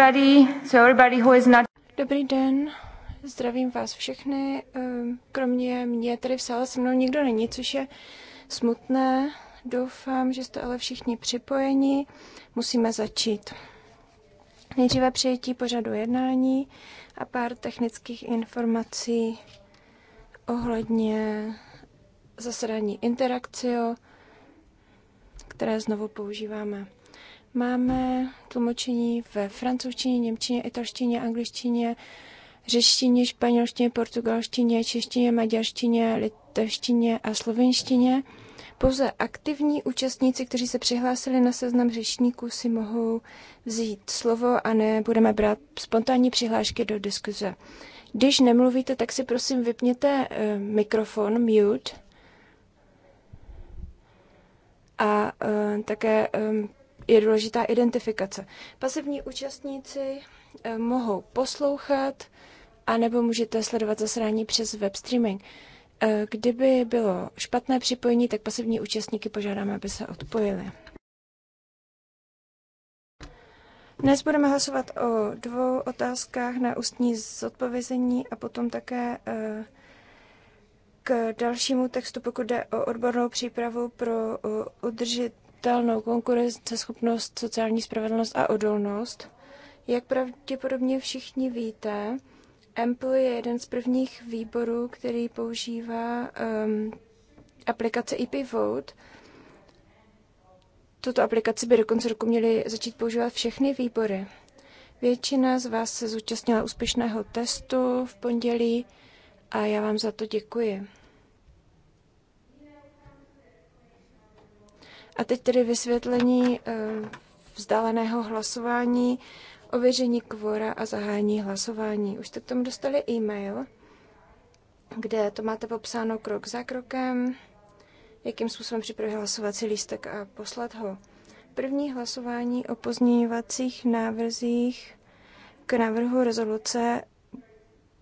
everybody, so everybody who is not... Dobrý den, zdravím vás všechny. Ehm, kromě mě tady v sále se mnou nikdo není, což je smutné. Doufám, že jste ale všichni připojeni. Musíme začít. Nejdříve přijetí pořadu jednání a pár technických informací ohledně zasedání Interakcio, které znovu používáme. Máme tlumočení ve francouzštině, němčině, italštině, angličtině, řeštině, španělštině, portugalštině, češtině, maďarštině, litevštině a slovenštině. Pouze aktivní účastníci, kteří se přihlásili na seznam řečníků, si mohou vzít slovo a ne budeme brát spontánní přihlášky do diskuze. Když nemluvíte, tak si prosím vypněte uh, mikrofon, mute, a uh, také um, je důležitá identifikace. Pasivní účastníci eh, mohou poslouchat, anebo můžete sledovat zasrání přes web streaming. Eh, kdyby bylo špatné připojení, tak pasivní účastníky požádáme, aby se odpojili. Dnes budeme hlasovat o dvou otázkách na ústní zodpovězení a potom také eh, k dalšímu textu, pokud jde o odbornou přípravu pro udržit, udržitelnou konkurenceschopnost, sociální spravedlnost a odolnost. Jak pravděpodobně všichni víte, Ample je jeden z prvních výborů, který používá um, aplikace IP Vote. Tuto aplikaci by do konce roku měly začít používat všechny výbory. Většina z vás se zúčastnila úspěšného testu v pondělí a já vám za to děkuji. A teď tedy vysvětlení eh, vzdáleného hlasování, ověření kvora a zahájení hlasování. Už jste k tomu dostali e-mail, kde to máte popsáno krok za krokem, jakým způsobem připravit hlasovací lístek a poslat ho. První hlasování o pozměňovacích návrzích k návrhu rezoluce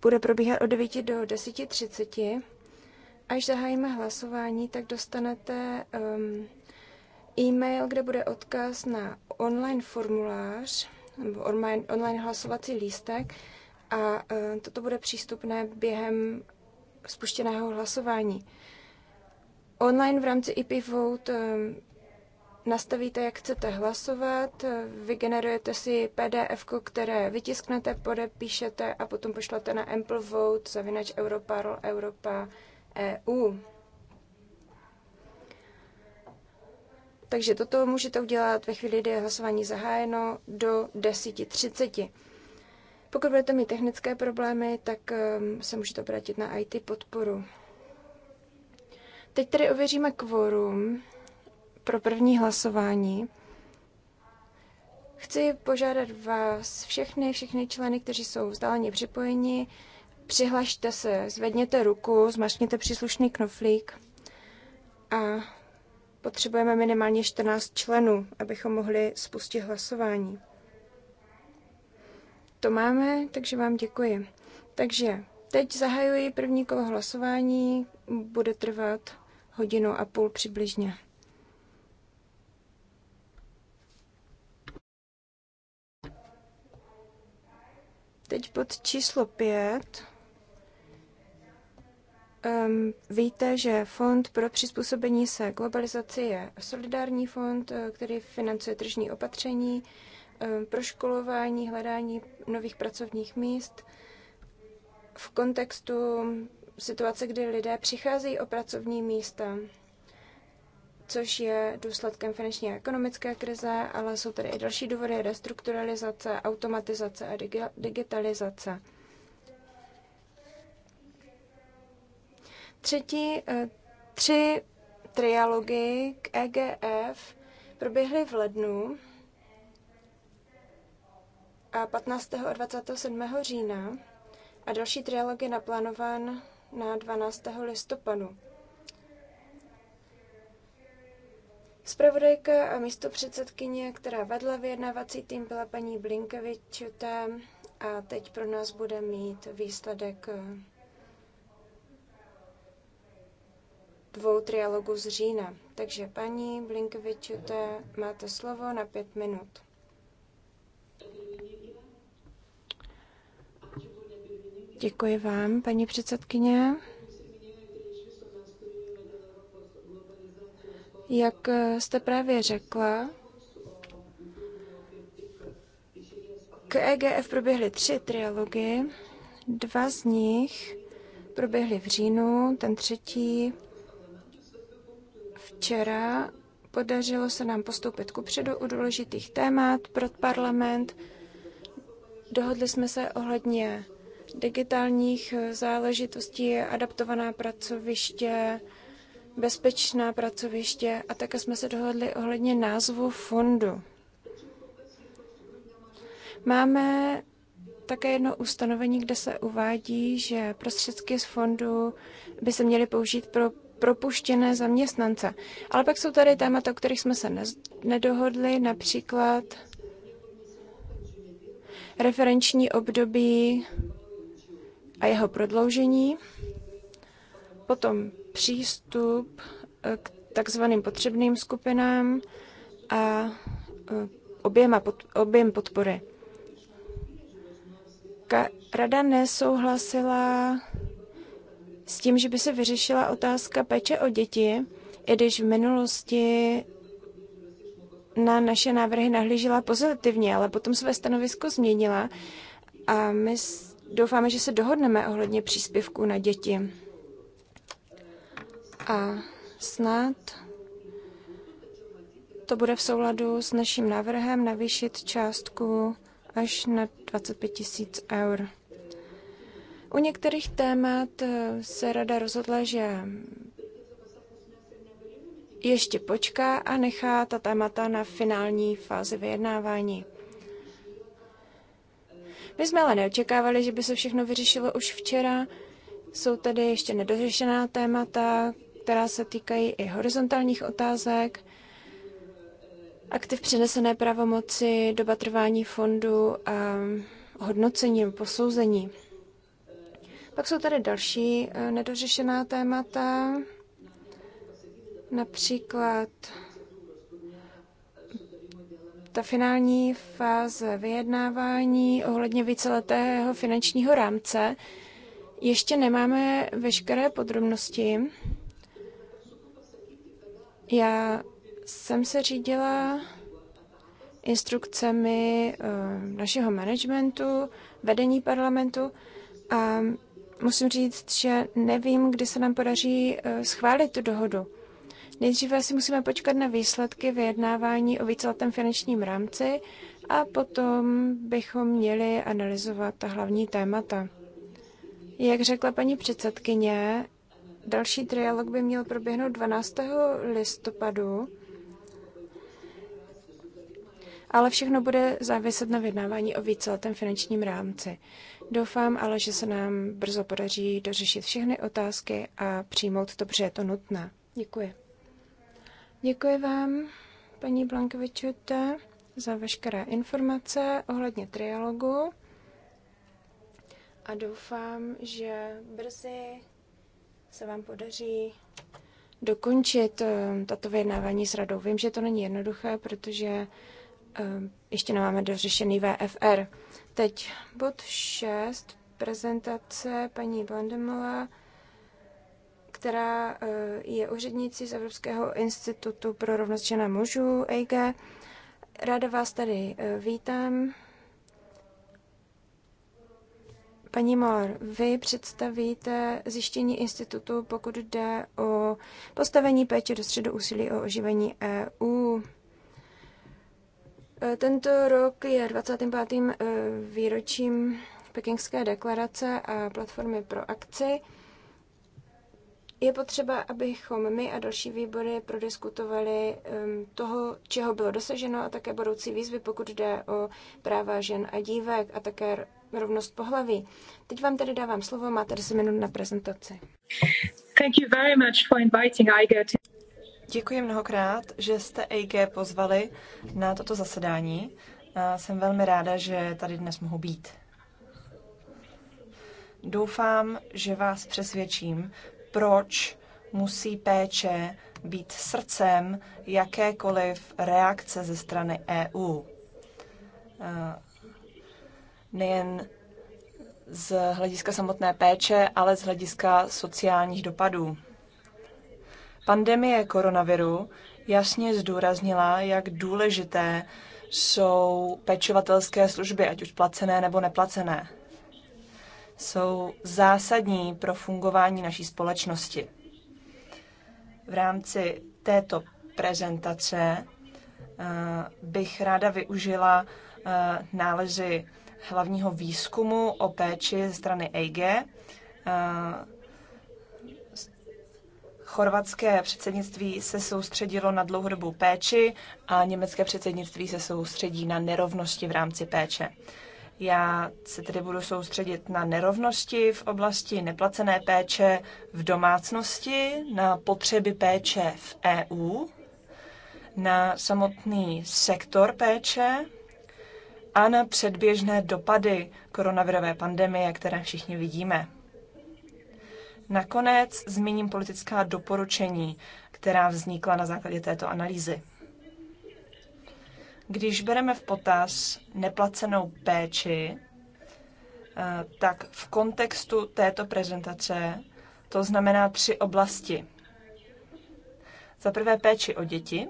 bude probíhat od 9 do 10.30. Až zahájíme hlasování, tak dostanete um, e-mail, kde bude odkaz na online formulář nebo online, online hlasovací lístek a e, toto bude přístupné během spuštěného hlasování. Online v rámci IP Vote nastavíte, jak chcete hlasovat, e, vygenerujete si PDF, které vytisknete, podepíšete a potom pošlete na Ample Vote, zavinač Europarl, Europa, EU. E Takže toto můžete udělat ve chvíli, kdy je hlasování zahájeno do 10.30. Pokud budete mít technické problémy, tak ehm, se můžete obrátit na IT podporu. Teď tedy ověříme kvorum pro první hlasování. Chci požádat vás všechny, všechny členy, kteří jsou vzdáleně připojeni, přihlašte se, zvedněte ruku, zmačkněte příslušný knoflík a Potřebujeme minimálně 14 členů, abychom mohli spustit hlasování. To máme, takže vám děkuji. Takže teď zahajuji první kolo hlasování, bude trvat hodinu a půl přibližně. Teď pod číslo 5. Um, víte, že Fond pro přizpůsobení se globalizaci je solidární fond, eh, který financuje tržní opatření um, pro školování, hledání nových pracovních míst v kontextu situace, kdy lidé přicházejí o pracovní místa, což je důsledkem finanční a ekonomické krize, ale jsou tady i další důvody restrukturalizace, automatizace a digitalizace. Třetí, eh, tři trialogy k EGF proběhly v lednu a 15. a 27. října a další trialog je naplánován na 12. listopadu. Spravodajka a místo předsedkyně, která vedla vyjednávací tým, byla paní Blinkevičutem a teď pro nás bude mít výsledek eh, dvou trialogů z října. Takže paní Blinkevičute, máte slovo na pět minut. Děkuji vám, paní předsedkyně. Jak jste právě řekla, k EGF proběhly tři trialogy. Dva z nich proběhly v říjnu, ten třetí Včera podařilo se nám postoupit ku předu u důležitých témat pro parlament. Dohodli jsme se ohledně digitálních záležitostí, adaptovaná pracoviště, bezpečná pracoviště a také jsme se dohodli ohledně názvu fondu. Máme také jedno ustanovení, kde se uvádí, že prostředky z fondu by se měly použít pro propuštěné zaměstnance. Ale pak jsou tady témata, o kterých jsme se nedohodli, například referenční období a jeho prodloužení, potom přístup eh, k takzvaným potřebným skupinám a eh, oběma pod, objem podpory. Ka- rada nesouhlasila s tím, že by se vyřešila otázka péče o děti, i když v minulosti na naše návrhy nahlížela pozitivně, ale potom své stanovisko změnila a my doufáme, že se dohodneme ohledně příspěvků na děti. A snad to bude v souladu s naším návrhem navýšit částku až na 25 000 eur. U některých témat eh, se rada rozhodla, že ještě počká a nechá ta témata na finální fázi vyjednávání. My jsme ale neočekávali, že by se všechno vyřešilo už včera. Jsou tady ještě nedořešená témata, která se týkají i horizontálních otázek, aktiv přenesené pravomoci, doba trvání fondu a hodnocení posouzení. Pak jsou tady další eh, nedořešená témata, například ta finální fáze vyjednávání ohledně víceletého finančního rámce. Ještě nemáme veškeré podrobnosti. Já jsem se řídila instrukcemi eh, našeho managementu, vedení parlamentu a musím říct, že nevím, kdy se nám podaří eh, schválit tu dohodu. Nejdříve si musíme počkat na výsledky vyjednávání o víceletém finančním rámci a potom bychom měli analyzovat ta hlavní témata. Jak řekla paní předsedkyně, další trialog by měl proběhnout 12. listopadu ale všechno bude záviset na vyjednávání o víceletém finančním rámci. Doufám ale, že se nám brzo podaří dořešit všechny otázky a přijmout to, protože je to nutné. Děkuji. Děkuji vám, paní Blankovičute, za veškeré informace ohledně trialogu a doufám, že brzy se vám podaří dokončit eh, tato vyjednávání s radou. Vím, že to není jednoduché, protože Ehm, ještě nemáme dořešený VFR. Teď bod 6, prezentace paní Blandemova, která eh, je úřednicí z Evropského institutu pro rovnost žena mužů, EIG. Ráda vás tady eh, vítám. Paní Mor, vy představíte zjištění institutu, pokud jde o postavení péče do středu úsilí o oživení EU. Eh, tento rok je 25. Eh, výročím Pekingské deklarace a platformy pro akci. Je potřeba, abychom my a další výbory prodiskutovali ehm, toho, čeho bylo dosaženo a také budoucí výzvy, pokud jde o práva žen a dívek a také rovnost pohlaví. Teď vám tedy dávám slovo, máte 10 minut na prezentaci. Thank you very much for inviting IGA to... Děkuji mnohokrát, že jste EIG pozvali na toto zasedání. A jsem velmi ráda, že tady dnes mohu být. Doufám, že vás přesvědčím, proč musí péče být srdcem jakékoliv reakce ze strany EU. Nejen z hlediska samotné péče, ale z hlediska sociálních dopadů. Pandemie koronaviru jasně zdůraznila, jak důležité jsou pečovatelské služby, ať už placené nebo neplacené. Jsou zásadní pro fungování naší společnosti. V rámci této prezentace eh, bych ráda využila eh, nálezy hlavního výzkumu o péči ze strany EIGE, eh, Chorvatské předsednictví se soustředilo na dlouhodobou péči a německé předsednictví se soustředí na nerovnosti v rámci péče. Já se tedy budu soustředit na nerovnosti v oblasti neplacené péče v domácnosti, na potřeby péče v EU, na samotný sektor péče a na předběžné dopady koronavirové pandemie, které všichni vidíme. Nakonec zmíním politická doporučení, která vznikla na základě této analýzy. Když bereme v potaz neplacenou péči, eh, tak v kontextu této prezentace to znamená tři oblasti. Za prvé péči o děti,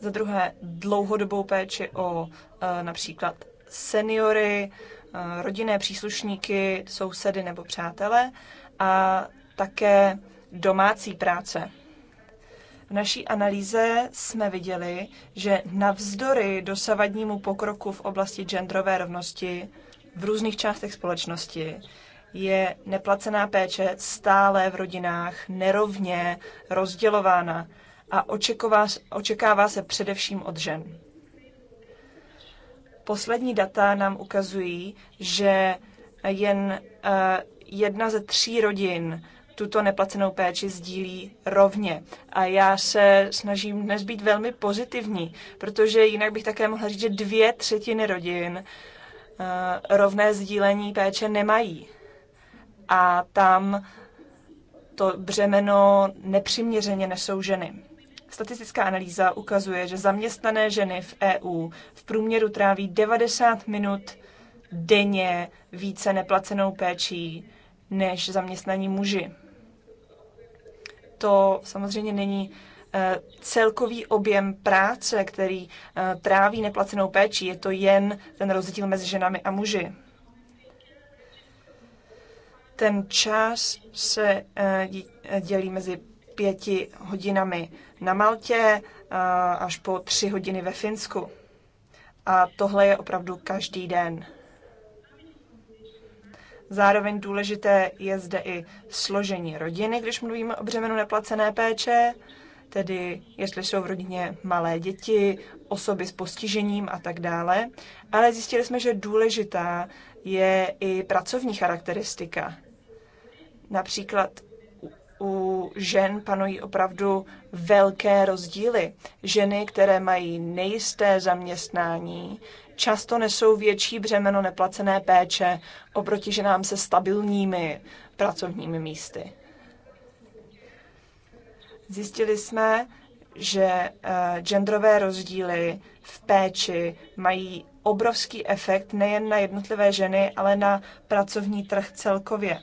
za druhé dlouhodobou péči o eh, například seniory, Eh, rodinné příslušníky, sousedy nebo přátele a také domácí práce. V naší analýze jsme viděli, že navzdory dosavadnímu pokroku v oblasti genderové rovnosti v různých částech společnosti je neplacená péče stále v rodinách nerovně rozdělována a očekává, očekává se především od žen. Poslední data nám ukazují, že jen eh, jedna ze tří rodin tuto neplacenou péči sdílí rovně. A já se snažím dnes být velmi pozitivní, protože jinak bych také mohla říct, že dvě třetiny rodin eh, rovné sdílení péče nemají. A tam to břemeno nepřiměřeně nesou ženy. Statistická analýza ukazuje, že zaměstnané ženy v EU v průměru tráví 90 minut denně více neplacenou péčí než zaměstnaní muži. To samozřejmě není eh, celkový objem práce, který eh, tráví neplacenou péči, je to jen ten rozdíl mezi ženami a muži. Ten čas se eh, dělí mezi pěti hodinami na Maltě eh, až po tři hodiny ve Finsku. A tohle je opravdu každý den. Zároveň důležité je zde i složení rodiny, když mluvíme o břemenu neplacené péče, tedy jestli jsou v rodině malé děti, osoby s postižením a tak dále. Ale zjistili jsme, že důležitá je i pracovní charakteristika. Například u žen panují opravdu velké rozdíly. Ženy, které mají nejisté zaměstnání, často nesou větší břemeno neplacené péče oproti ženám se stabilními pracovními místy. Zjistili jsme, že eh, genderové rozdíly v péči mají obrovský efekt nejen na jednotlivé ženy, ale na pracovní trh celkově.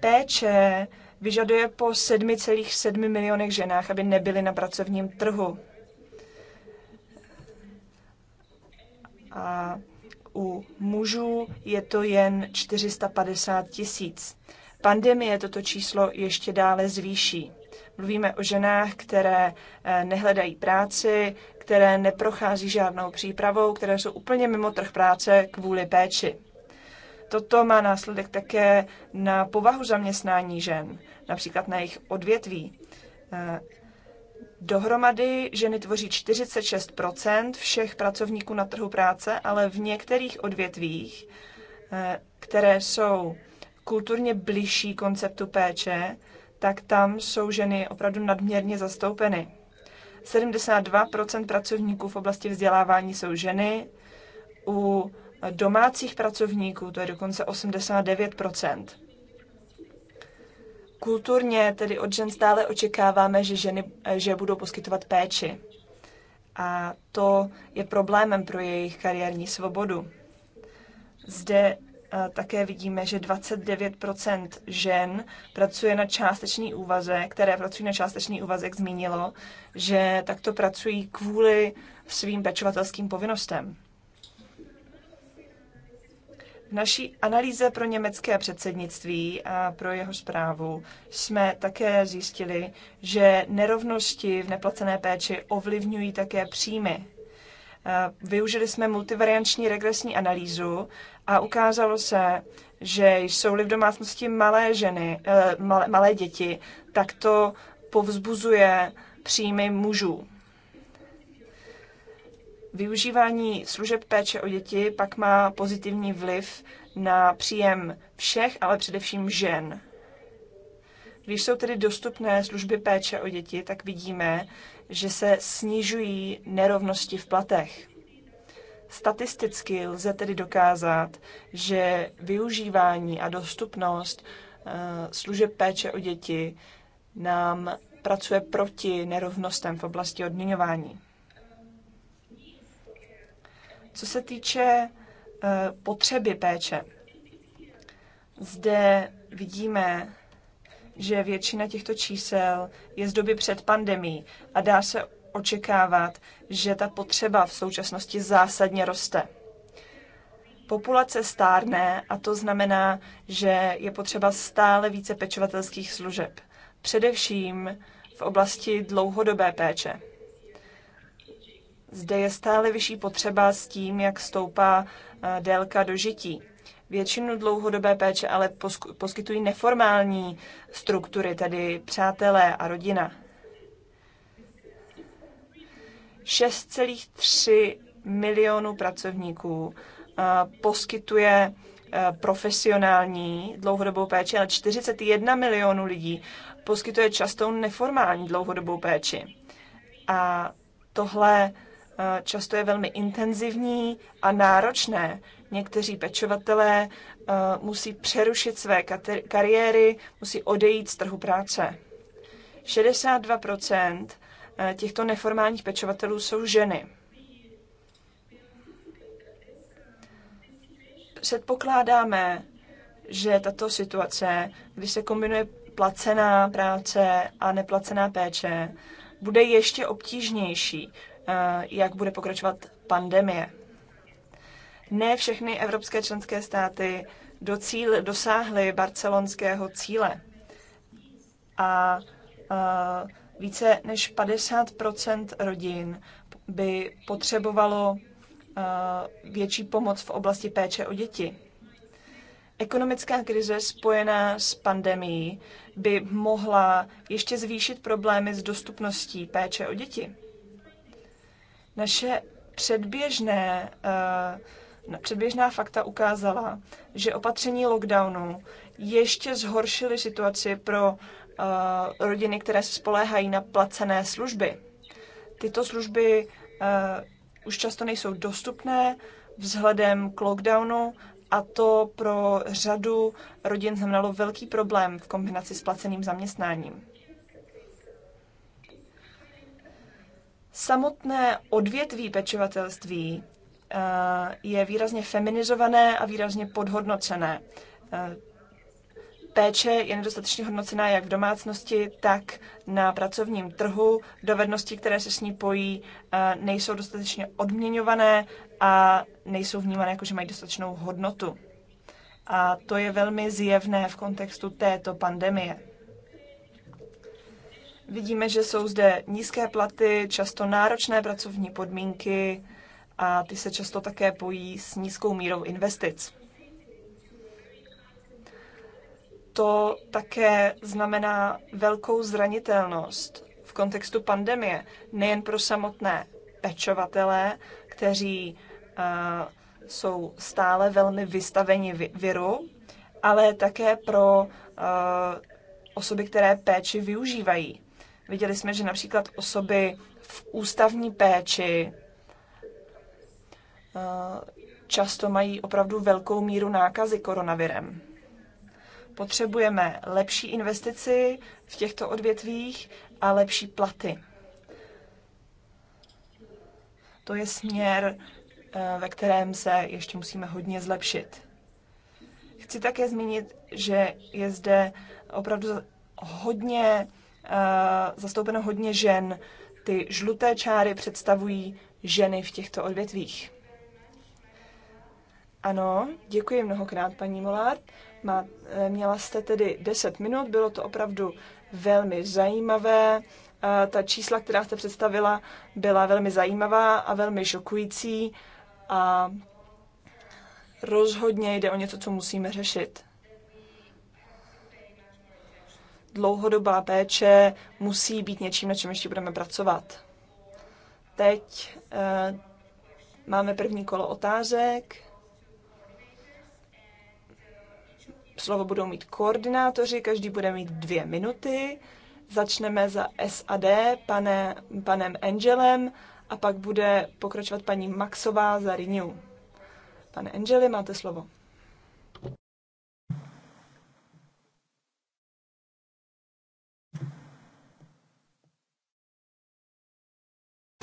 Péče vyžaduje po 7,7 milionech ženách, aby nebyly na pracovním trhu. A u mužů je to jen 450 tisíc. Pandemie toto číslo ještě dále zvýší. Mluvíme o ženách, které eh, nehledají práci, které neprochází žádnou přípravou, které jsou úplně mimo trh práce kvůli péči. Toto má následek také na povahu zaměstnání žen, například na jejich odvětví. Eh, dohromady ženy tvoří 46 všech pracovníků na trhu práce, ale v některých odvětvích, eh, které jsou kulturně blížší konceptu péče, tak tam jsou ženy opravdu nadměrně zastoupeny. 72 pracovníků v oblasti vzdělávání jsou ženy, u domácích pracovníků, to je dokonce 89 Kulturně tedy od žen stále očekáváme, že ženy že budou poskytovat péči. A to je problémem pro jejich kariérní svobodu. Zde eh, také vidíme, že 29 žen pracuje na částečný úvazek, které pracují na částečný úvazek, zmínilo, že takto pracují kvůli svým pečovatelským povinnostem. V naší analýze pro německé předsednictví a pro jeho zprávu jsme také zjistili, že nerovnosti v neplacené péči ovlivňují také příjmy. Využili jsme multivarianční regresní analýzu a ukázalo se, že jsou-li v domácnosti malé ženy, eh, malé, malé děti, tak to povzbuzuje příjmy mužů. Využívání služeb péče o děti pak má pozitivní vliv na příjem všech, ale především žen. Když jsou tedy dostupné služby péče o děti, tak vidíme, že se snižují nerovnosti v platech. Statisticky lze tedy dokázat, že využívání a dostupnost eh, služeb péče o děti nám pracuje proti nerovnostem v oblasti odměňování. Co se týče eh, potřeby péče, zde vidíme, že většina těchto čísel je z doby před pandemí a dá se očekávat, že ta potřeba v současnosti zásadně roste. Populace stárne a to znamená, že je potřeba stále více pečovatelských služeb, především v oblasti dlouhodobé péče. Zde je stále vyšší potřeba s tím, jak stoupá eh, délka dožití. Většinu dlouhodobé péče ale poskytují neformální struktury, tedy přátelé a rodina. 6,3 milionů pracovníků eh, poskytuje eh, profesionální dlouhodobou péči, ale 41 milionů lidí poskytuje častou neformální dlouhodobou péči. A tohle často je velmi intenzivní a náročné. Někteří pečovatelé eh, musí přerušit své kariéry, musí odejít z trhu práce. 62 eh, těchto neformálních pečovatelů jsou ženy. Předpokládáme, že tato situace, když se kombinuje placená práce a neplacená péče, bude ještě obtížnější, Eh, jak bude pokračovat pandemie. Ne všechny evropské členské státy do cíl dosáhly barcelonského cíle. A, a eh, více než 50 rodin by potřebovalo eh, větší pomoc v oblasti péče o děti. Ekonomická krize spojená s pandemí by mohla ještě zvýšit problémy s dostupností péče o děti. Naše předběžné, eh, předběžná fakta ukázala, že opatření lockdownu ještě zhoršily situaci pro eh, rodiny, které se spoléhají na placené služby. Tyto služby eh, už často nejsou dostupné vzhledem k lockdownu a to pro řadu rodin znamenalo velký problém v kombinaci s placeným zaměstnáním. Samotné odvětví pečovatelství eh, je výrazně feminizované a výrazně podhodnocené. Eh, péče je nedostatečně hodnocená jak v domácnosti, tak na pracovním trhu. Dovednosti, které se s ní pojí, eh, nejsou dostatečně odměňované a nejsou vnímané jako, že mají dostatečnou hodnotu. A to je velmi zjevné v kontextu této pandemie. Vidíme, že jsou zde nízké platy, často náročné pracovní podmínky a ty se často také pojí s nízkou mírou investic. To také znamená velkou zranitelnost v kontextu pandemie, nejen pro samotné pečovatele, kteří uh, jsou stále velmi vystaveni viru, ale také pro uh, osoby, které péči využívají. Viděli jsme, že například osoby v ústavní péči eh, často mají opravdu velkou míru nákazy koronavirem. Potřebujeme lepší investici v těchto odvětvích a lepší platy. To je směr, eh, ve kterém se ještě musíme hodně zlepšit. Chci také zmínit, že je zde opravdu hodně Eh, zastoupeno hodně žen. Ty žluté čáry představují ženy v těchto odvětvích. Ano, děkuji mnohokrát, paní Molár. Má, eh, měla jste tedy 10 minut, bylo to opravdu velmi zajímavé. Eh, ta čísla, která jste představila, byla velmi zajímavá a velmi šokující a rozhodně jde o něco, co musíme řešit. dlouhodobá péče musí být něčím, na čem ještě budeme pracovat. Teď uh, máme první kolo otázek. Slovo budou mít koordinátoři, každý bude mít dvě minuty. Začneme za SAD pane, panem Angelem a pak bude pokračovat paní Maxová za Renew. Pane Angeli, máte slovo.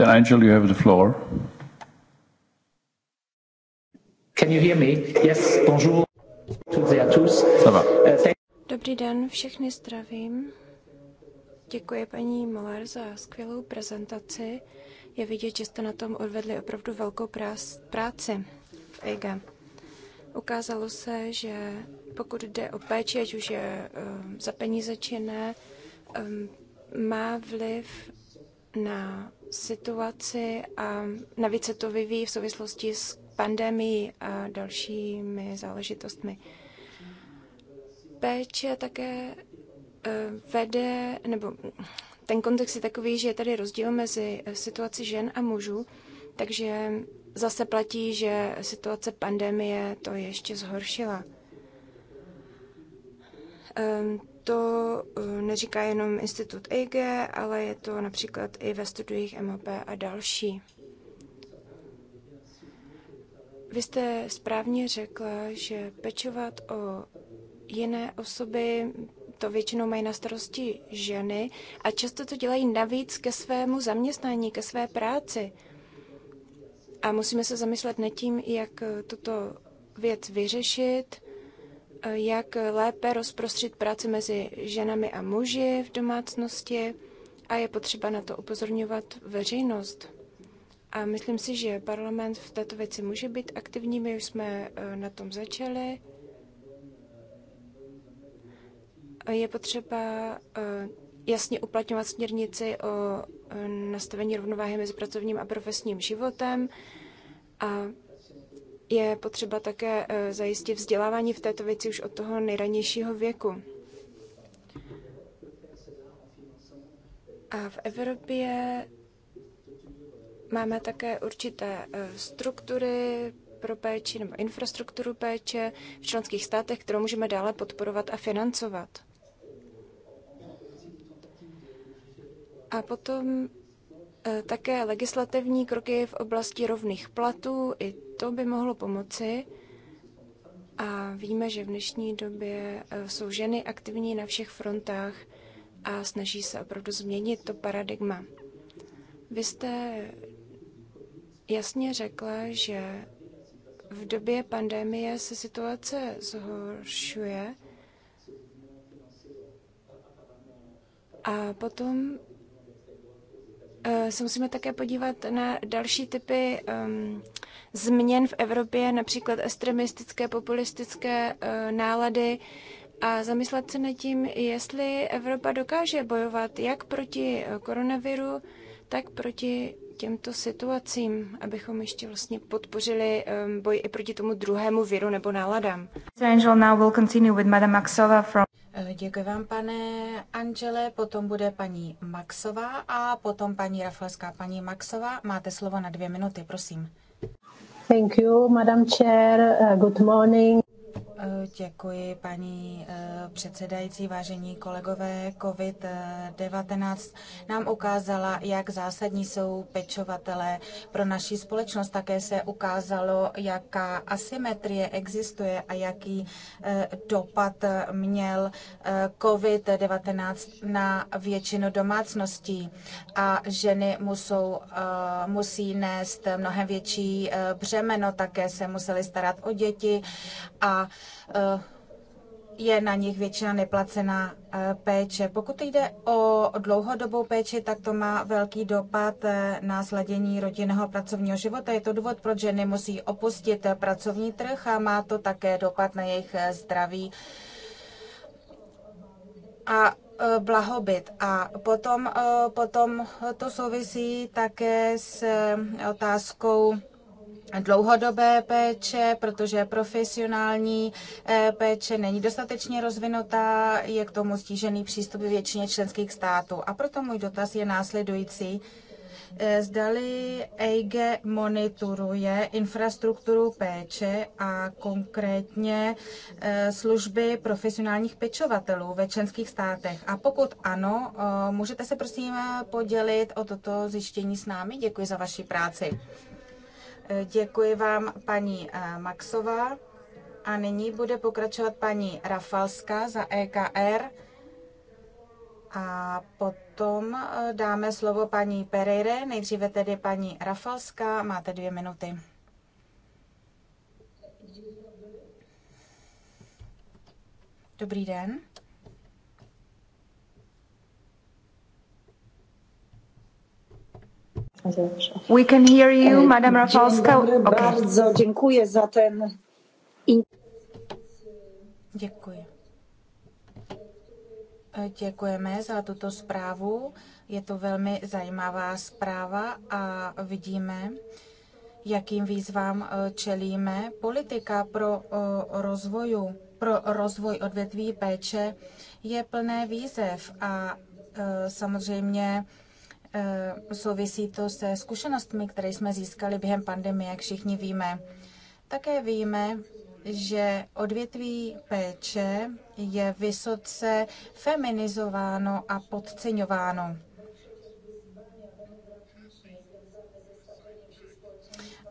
Angel, you have the floor. Can you hear me? Yes, bonjour. Euh, Dobrý den, všechny zdravím. Děkuji paní Moller za skvělou prezentaci. Je vidět, že jste na tom odvedli opravdu velkou práci v EG. Ukázalo se, že pokud jde o péči, ať už je um, za peníze či ne, um, má vliv na situaci a navíc se to vyvíjí v souvislosti s pandemií a dalšími záležitostmi. Péče také eh, vede, nebo ten kontext je takový, že je tady rozdíl mezi eh, situací žen a mužů, takže zase platí, že situace pandemie to ještě zhoršila. Ehm, to eh, neříká jenom Institut EIG, ale je to například i ve studiích MOP a další. Vy jste správně řekla, že pečovat o jiné osoby, to většinou mají na starosti ženy a často to dělají navíc ke svému zaměstnání, ke své práci. A musíme se zamyslet nad tím, jak eh, tuto věc vyřešit jak lépe rozprostřit práci mezi ženami a muži v domácnosti a je potřeba na to upozorňovat veřejnost. A myslím si, že parlament v této věci může být aktivní, my už jsme eh, na tom začali. Je potřeba eh, jasně uplatňovat směrnici o eh, nastavení rovnováhy mezi pracovním a profesním životem a je potřeba také eh, zajistit vzdělávání v této věci už od toho nejranějšího věku. A v Evropě máme také určité eh, struktury pro péči nebo infrastrukturu péče v členských státech, kterou můžeme dále podporovat a financovat. A potom eh, také legislativní kroky v oblasti rovných platů. I to by mohlo pomoci. A víme, že v dnešní době eh, jsou ženy aktivní na všech frontách a snaží se opravdu změnit to paradigma. Vy jste jasně řekla, že v době pandemie se situace zhoršuje a potom Eh, se musíme také podívat na další typy um, změn v Evropě, například extremistické, populistické uh, nálady a zamyslet se nad tím, jestli Evropa dokáže bojovat jak proti eh, koronaviru, tak proti těmto situacím, abychom ještě vlastně podpořili um, boj i proti tomu druhému viru nebo náladám. Angel now will continue with Madame Maxova from Děkuji vám, pane Angele. Potom bude paní Maxová a potom paní Rafalská. Paní Maxová, máte slovo na dvě minuty, prosím. Thank you, Madam Chair. Uh, good morning. Eh, děkuji, paní eh, předsedající, vážení kolegové. COVID-19 nám ukázala, jak zásadní jsou pečovatelé pro naši společnost. Také se ukázalo, jaká asymetrie existuje a jaký eh, dopad měl COVID-19 na většinu domácností. A ženy musou, musí nést mnohem větší břemeno, také se museli starat o děti a Eh, je na nich většina neplacená eh, péče. Pokud jde o dlouhodobou péči, tak to má velký dopad eh, na sladění rodinného pracovního života. Je to důvod, proč ženy musí opustit pracovní trh a má to také dopad na jejich zdraví a blahobyt. A potom, potom to souvisí také s otázkou dlouhodobé péče, protože profesionální eh, péče není dostatečně rozvinutá, je k tomu stížený přístup většině členských států. A proto můj dotaz je následující. Eh, zdali EIG monitoruje infrastrukturu péče a konkrétně eh, služby profesionálních pečovatelů ve členských státech. A pokud ano, můžete se prosím podělit o toto zjištění s námi? Děkuji za vaši práci. Děkuji vám, paní eh, Maxová. A nyní bude pokračovat paní Rafalská za EKR. A potom eh, dáme slovo paní Pereire, nejdříve tedy paní Rafalská. Máte dvě minuty. Dobrý den. We can hear you, eh, Madame Rafalska. Okay. Bardzo dziękuję za ten... Děkuji. Eh, Děkujeme za tuto zprávu. Je to velmi zajímavá zpráva a vidíme, jakým výzvám eh, čelíme. Politika pro rozvoj, pro rozvoj odvětví péče je plné výzev a samozřejmě Eh, souvisí to se zkušenostmi, které jsme získali během pandemie, jak všichni víme. Také víme, že odvětví péče je vysoce feminizováno a podceňováno.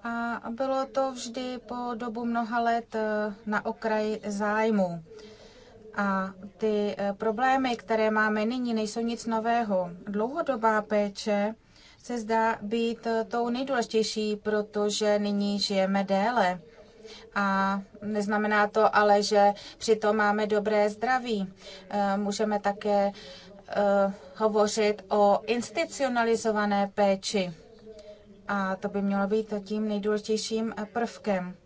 A bylo to vždy po dobu mnoha let eh, na okraji zájmu. A ty eh, problémy, které máme nyní, nejsou nic nového. Dlouhodobá péče se zdá být eh, tou nejdůležitější, protože nyní žijeme déle. A neznamená to ale, že přitom máme dobré zdraví. Eh, můžeme také hovořit o institucionalizované péči. A to by mělo být tím nejdůležitějším prvkem.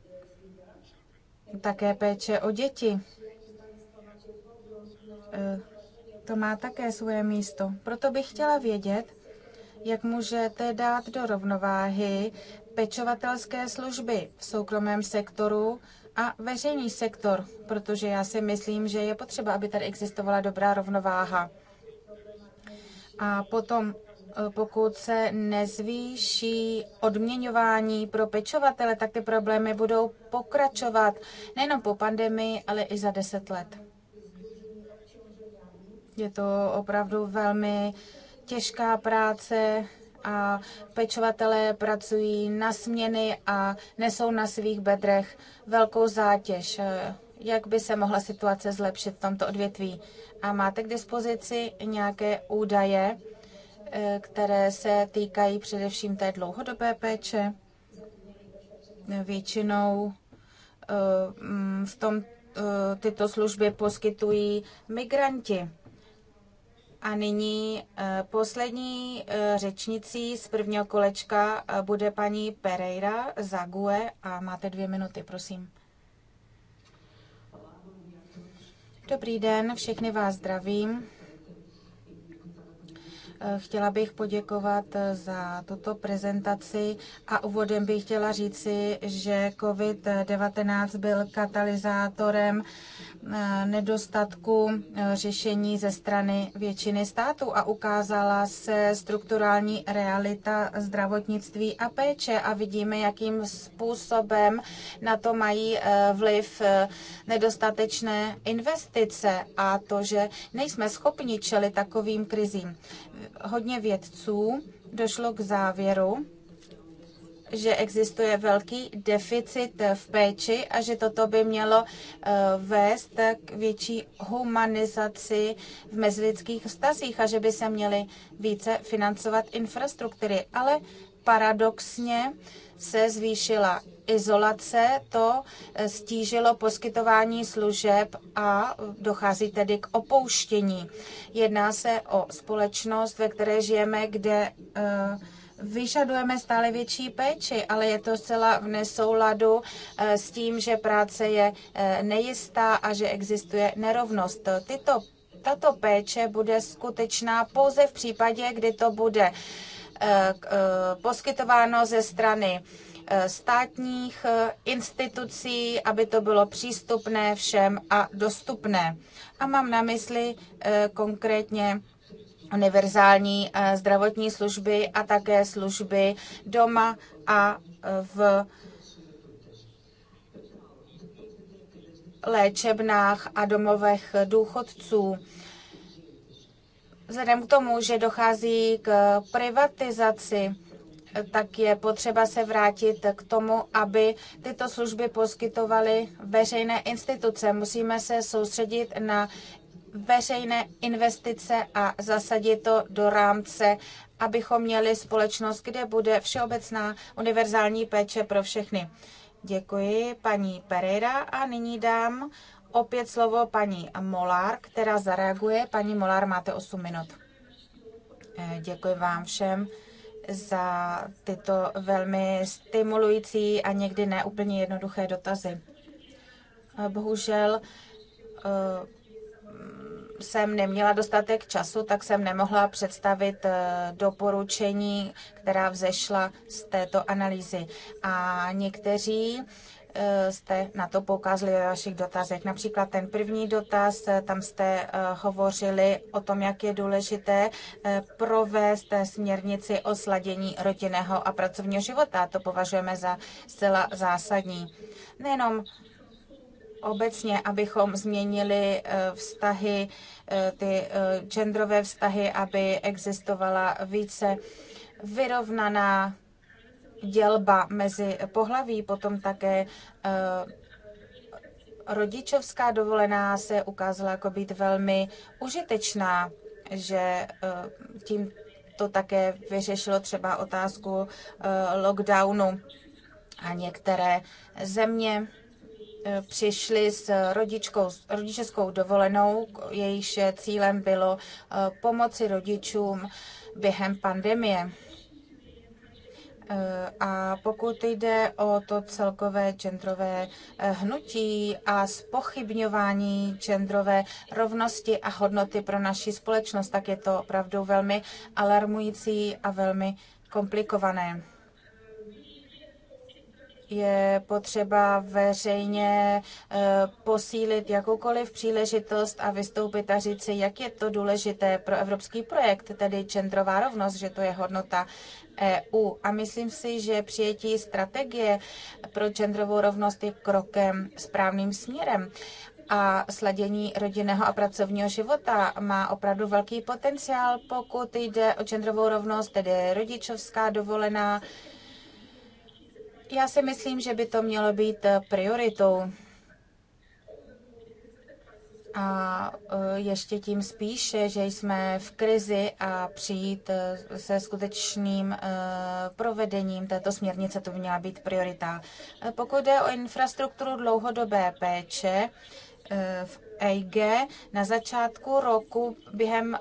Také péče o děti to má také svoje místo. Proto bych chtěla vědět, jak můžete dát do rovnováhy pečovatelské služby v soukromém sektoru a veřejný sektor, protože já si myslím, že je potřeba, aby tady existovala dobrá rovnováha. A potom, e, pokud se nezvýší odměňování pro pečovatele, tak ty problémy budou pokračovat nejenom po pandemii, ale i za deset let. Je to opravdu velmi těžká práce a pečovatelé pracují na směny a nesou na svých bedrech velkou zátěž. Jak by se mohla situace zlepšit v tomto odvětví? A máte k dispozici nějaké údaje, eh, které se týkají především té dlouhodobé péče? Většinou eh, mm, v tom eh, tyto služby poskytují migranti. A nyní eh, poslední eh, řečnicí z prvního kolečka eh, bude paní Pereira Zague a máte dvě minuty, prosím. Dobrý den, všechny vás zdravím. Eh, chtěla bych poděkovat eh, za tuto prezentaci a úvodem bych chtěla říci, že COVID-19 byl katalyzátorem eh, nedostatku řešení ze strany většiny států a ukázala se strukturální realita zdravotnictví a péče a vidíme, jakým způsobem na to mají vliv nedostatečné investice a to, že nejsme schopni čelit takovým krizím hodně vědců došlo k závěru, že existuje velký deficit v péči a že toto by mělo eh, vést k větší humanizaci v mezilidských vztazích a že by se měly více financovat infrastruktury. Ale paradoxně se zvýšila izolace, to eh, stížilo poskytování služeb a dochází tedy k opouštění. Jedná se o společnost, ve které žijeme, kde eh, vyžadujeme stále větší péči, ale je to zcela v nesouladu eh, s tím, že práce je nejistá a že existuje nerovnost. Tyto, tato péče bude skutečná pouze v případě, kdy to bude poskytováno ze strany Eh, státních eh, institucí, aby to bylo přístupné všem a dostupné. A mám na mysli eh, konkrétně univerzální zdravotní služby a také služby doma a v léčebnách a domovech důchodců. Vzhledem k tomu, že dochází k privatizaci tak je potřeba se vrátit k tomu, aby tyto služby poskytovaly veřejné instituce. Musíme se soustředit na veřejné investice a zasadit to do rámce, abychom měli společnost, kde bude všeobecná univerzální péče pro všechny. Děkuji paní Pereira a nyní dám opět slovo paní Molár, která zareaguje. Paní Molár, máte 8 minut. Eh, děkuji vám všem za tyto velmi stimulující a někdy neúplně jednoduché dotazy. Bohužel eh, jsem neměla dostatek času, tak jsem nemohla představit eh, doporučení, která vzešla z této analýzy. A někteří Eh, jste na to poukázali ve vašich dotazech. Například ten první dotaz, eh, tam jste eh, hovořili o tom, jak je důležité provést směrnici o sladění rodinného a pracovního života. To považujeme za zcela zásadní. Nejenom obecně, abychom změnili vztahy, ty genderové vztahy, aby existovala více vyrovnaná dělba mezi pohlaví, potom také eh, rodičovská dovolená se ukázala jako být velmi užitečná, že eh, tím to také vyřešilo třeba otázku eh, lockdownu a některé země přišly s rodičkou, rodičovskou dovolenou, jejíž cílem bylo pomoci rodičům během pandemie. Eh, a pokud jde o to celkové genderové eh, hnutí a spochybňování genderové rovnosti a hodnoty pro naši společnost, tak je to opravdu velmi alarmující a velmi komplikované. Je potřeba veřejně eh, posílit jakoukoliv příležitost a vystoupit a si, jak je to důležité pro evropský projekt, tedy genderová rovnost, že to je hodnota EU. A myslím si, že přijetí strategie pro genderovou rovnost je krokem správným směrem a sladění rodinného a pracovního života má opravdu velký potenciál, pokud jde o genderovou rovnost, tedy rodičovská dovolená. Já si myslím, že by to mělo být prioritou a e, ještě tím spíše, že jsme v krizi a přijít e, se skutečným e, provedením této směrnice, to by měla být priorita. Pokud jde o infrastrukturu dlouhodobé péče, v EIG. Na začátku roku během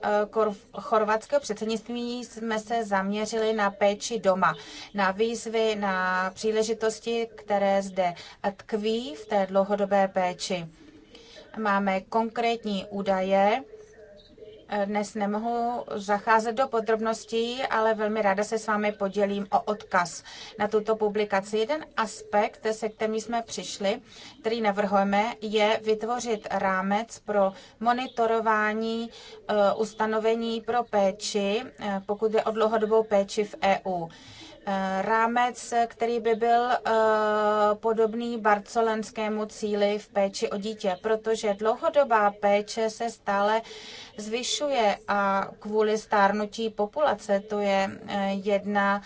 chorvatského předsednictví jsme se zaměřili na péči doma, na výzvy, na příležitosti, které zde tkví v té dlouhodobé péči. Máme konkrétní údaje. Eh, dnes nemohu zacházet do podrobností, ale velmi ráda se s vámi podělím o odkaz na tuto publikaci. Jeden aspekt, se kterým jsme přišli, který navrhujeme, je vytvořit rámec pro monitorování eh, ustanovení pro péči, eh, pokud je o dlouhodobou péči v EU. Eh, rámec, který by byl eh, podobný barcelonskému cíli v péči o dítě, protože dlouhodobá péče se stále zvyšuje a kvůli stárnutí populace to je eh, jedna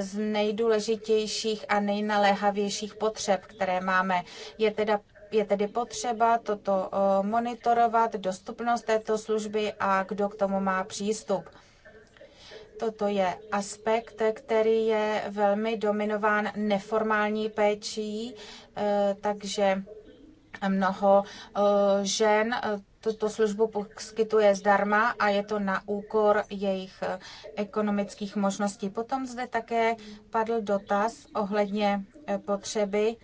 z nejdůležitějších a nejnaléhavějších potřeb, které máme. Je teda je tedy potřeba toto monitorovat, dostupnost této služby a kdo k tomu má přístup. Toto je aspekt, který je velmi dominován neformální péčí, eh, takže mnoho eh, žen eh, tuto službu poskytuje zdarma a je to na úkor jejich ekonomických možností. Potom zde také padl dotaz ohledně potřeby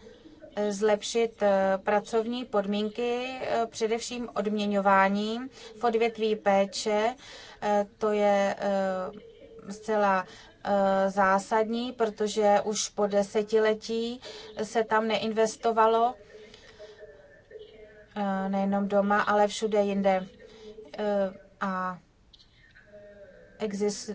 zlepšit pracovní podmínky, především odměňováním v odvětví péče. To je zcela eh, zásadní, protože už po desetiletí se tam neinvestovalo, eh, nejenom doma, ale všude jinde. Eh, a exist,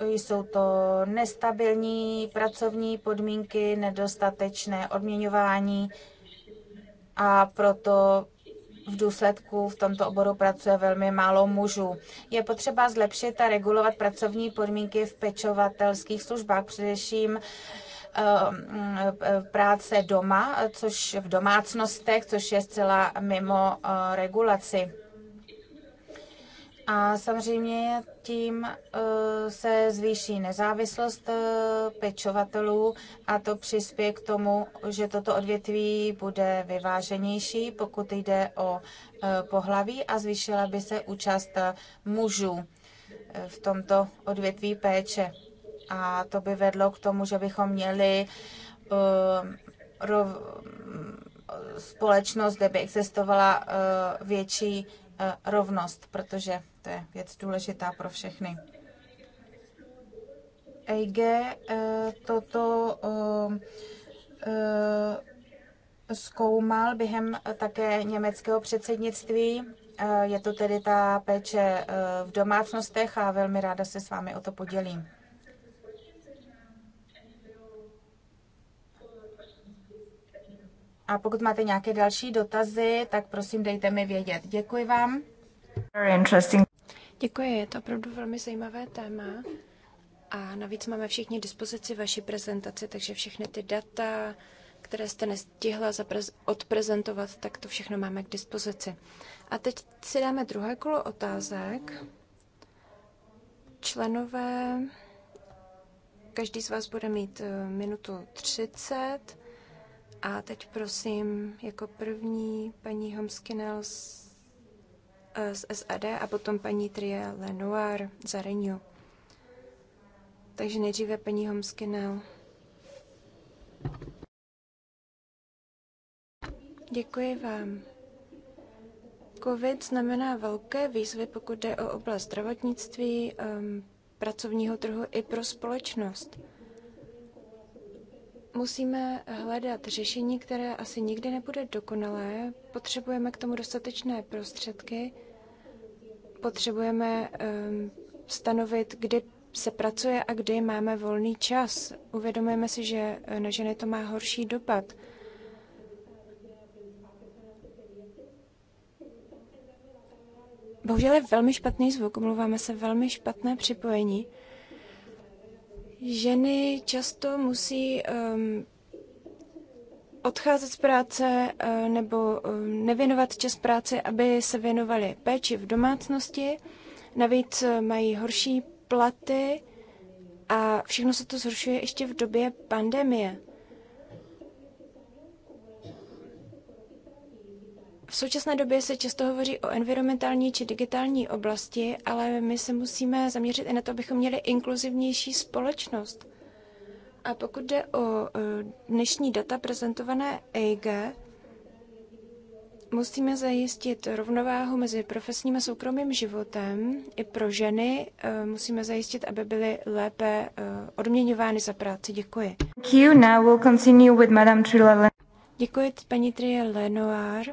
jsou to nestabilní pracovní podmínky, nedostatečné odměňování a proto v důsledku v tomto oboru pracuje velmi málo mužů. Je potřeba zlepšit a regulovat pracovní podmínky v pečovatelských službách, především eh, práce doma, což v domácnostech, což je zcela mimo eh, regulaci. A samozřejmě tím eh, se zvýší nezávislost eh, pečovatelů a to přispěje k tomu, že toto odvětví bude vyváženější, pokud jde o eh, pohlaví a zvýšila by se účast mužů v tomto odvětví péče. A to by vedlo k tomu, že bychom měli mm, společnost, kde by existovala větší rovnost, protože to je věc důležitá pro všechny. EIG eh, toto eh, eh, zkoumal během také německého předsednictví. Je to tedy ta péče v domácnostech a velmi ráda se s vámi o to podělím. A pokud máte nějaké další dotazy, tak prosím dejte mi vědět. Děkuji vám. Very interesting. Děkuji, je to opravdu velmi zajímavé téma. A navíc máme všichni dispozici vaší prezentaci, takže všechny ty data, které jste nestihla odprezentovat, tak to všechno máme k dispozici. A teď si dáme druhé kolo otázek. Členové, každý z vás bude mít eh, minutu 30. A teď prosím jako první paní Homskinel z SAD a potom paní Tria Lenoir za Renew. Takže nejdříve paní Homskinel. Děkuji vám. COVID znamená velké výzvy, pokud jde o oblast zdravotnictví, um, pracovního trhu i pro společnost. Musíme hledat řešení, které asi nikdy nebude dokonalé. Potřebujeme k tomu dostatečné prostředky potřebujeme ehm, stanovit, kdy se pracuje a kdy máme volný čas. Uvědomujeme si, že eh, na ženy to má horší dopad. Bohužel je velmi špatný zvuk, mluváme se velmi špatné připojení. Ženy často musí um, odcházet z práce eh, nebo eh, nevěnovat čas práci, aby se věnovali péči v domácnosti. Navíc eh, mají horší platy a všechno se to zhoršuje ještě v době pandemie. V současné době se často hovoří o environmentální či digitální oblasti, ale my se musíme zaměřit i na to, abychom měli inkluzivnější společnost. A pokud jde o e, dnešní data prezentované EIG, musíme zajistit rovnováhu mezi profesním a soukromým životem. I pro ženy e, musíme zajistit, aby byly lépe e, odměňovány za práci. Děkuji. Děkuji paní Trie Lenoir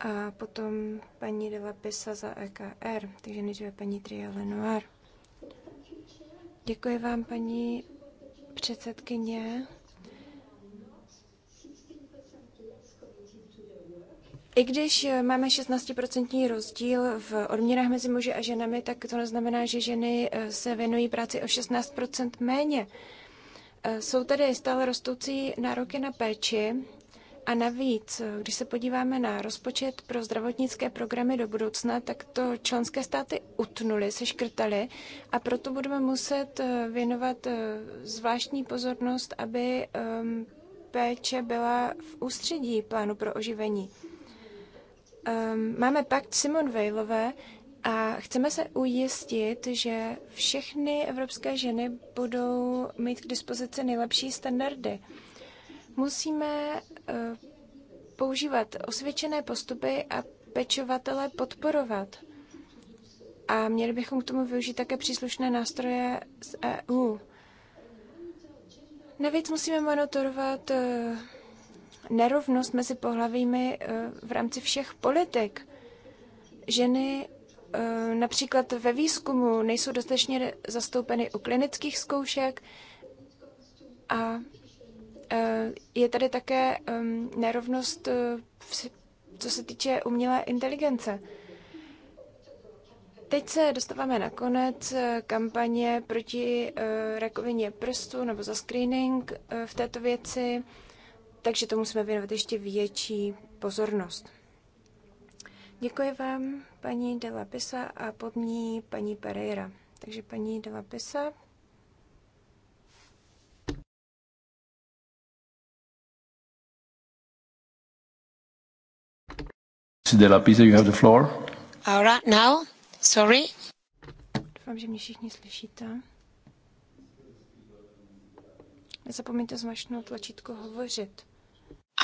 a potom paní Dela Pisa za EKR, takže nejdříve paní Trie Lenoir. Děkuji vám, paní předsedkyně. I když máme 16% rozdíl v odměnách mezi muži a ženami, tak to neznamená, že ženy eh, se věnují práci o 16% méně. Eh, jsou tady stále rostoucí nároky na péči a navíc, když se podíváme na rozpočet pro zdravotnické programy do budoucna, tak to členské státy utnuly, škrtaly a proto budeme muset eh, věnovat eh, zvláštní pozornost, aby ehm, péče byla v ústředí plánu pro oživení. Ehm, máme pakt Simon Vejlové a chceme se ujistit, že všechny evropské ženy budou mít k dispozici nejlepší standardy musíme Eh, používat osvědčené postupy a pečovatele podporovat. A měli bychom k tomu využít také příslušné nástroje z EU. Navíc musíme monitorovat eh, nerovnost mezi pohlavími eh, v rámci všech politik. Ženy například ve výzkumu nejsou dostatečně zastoupeny u klinických zkoušek a je tady také nerovnost, eh, co se týče umělé inteligence. Teď se dostáváme na konec eh, kampaně proti eh, rakovině prstu nebo za screening v této věci, takže to musíme věnovat ještě větší pozornost. Děkuji vám, paní Delapisa a pod ní paní Pereira. Takže paní Delapisa. De La Pisa, you have the floor. All right, now, sorry. Doufám, že mě všichni slyšíte. Nezapomeňte zmačknout tlačítko hovořit.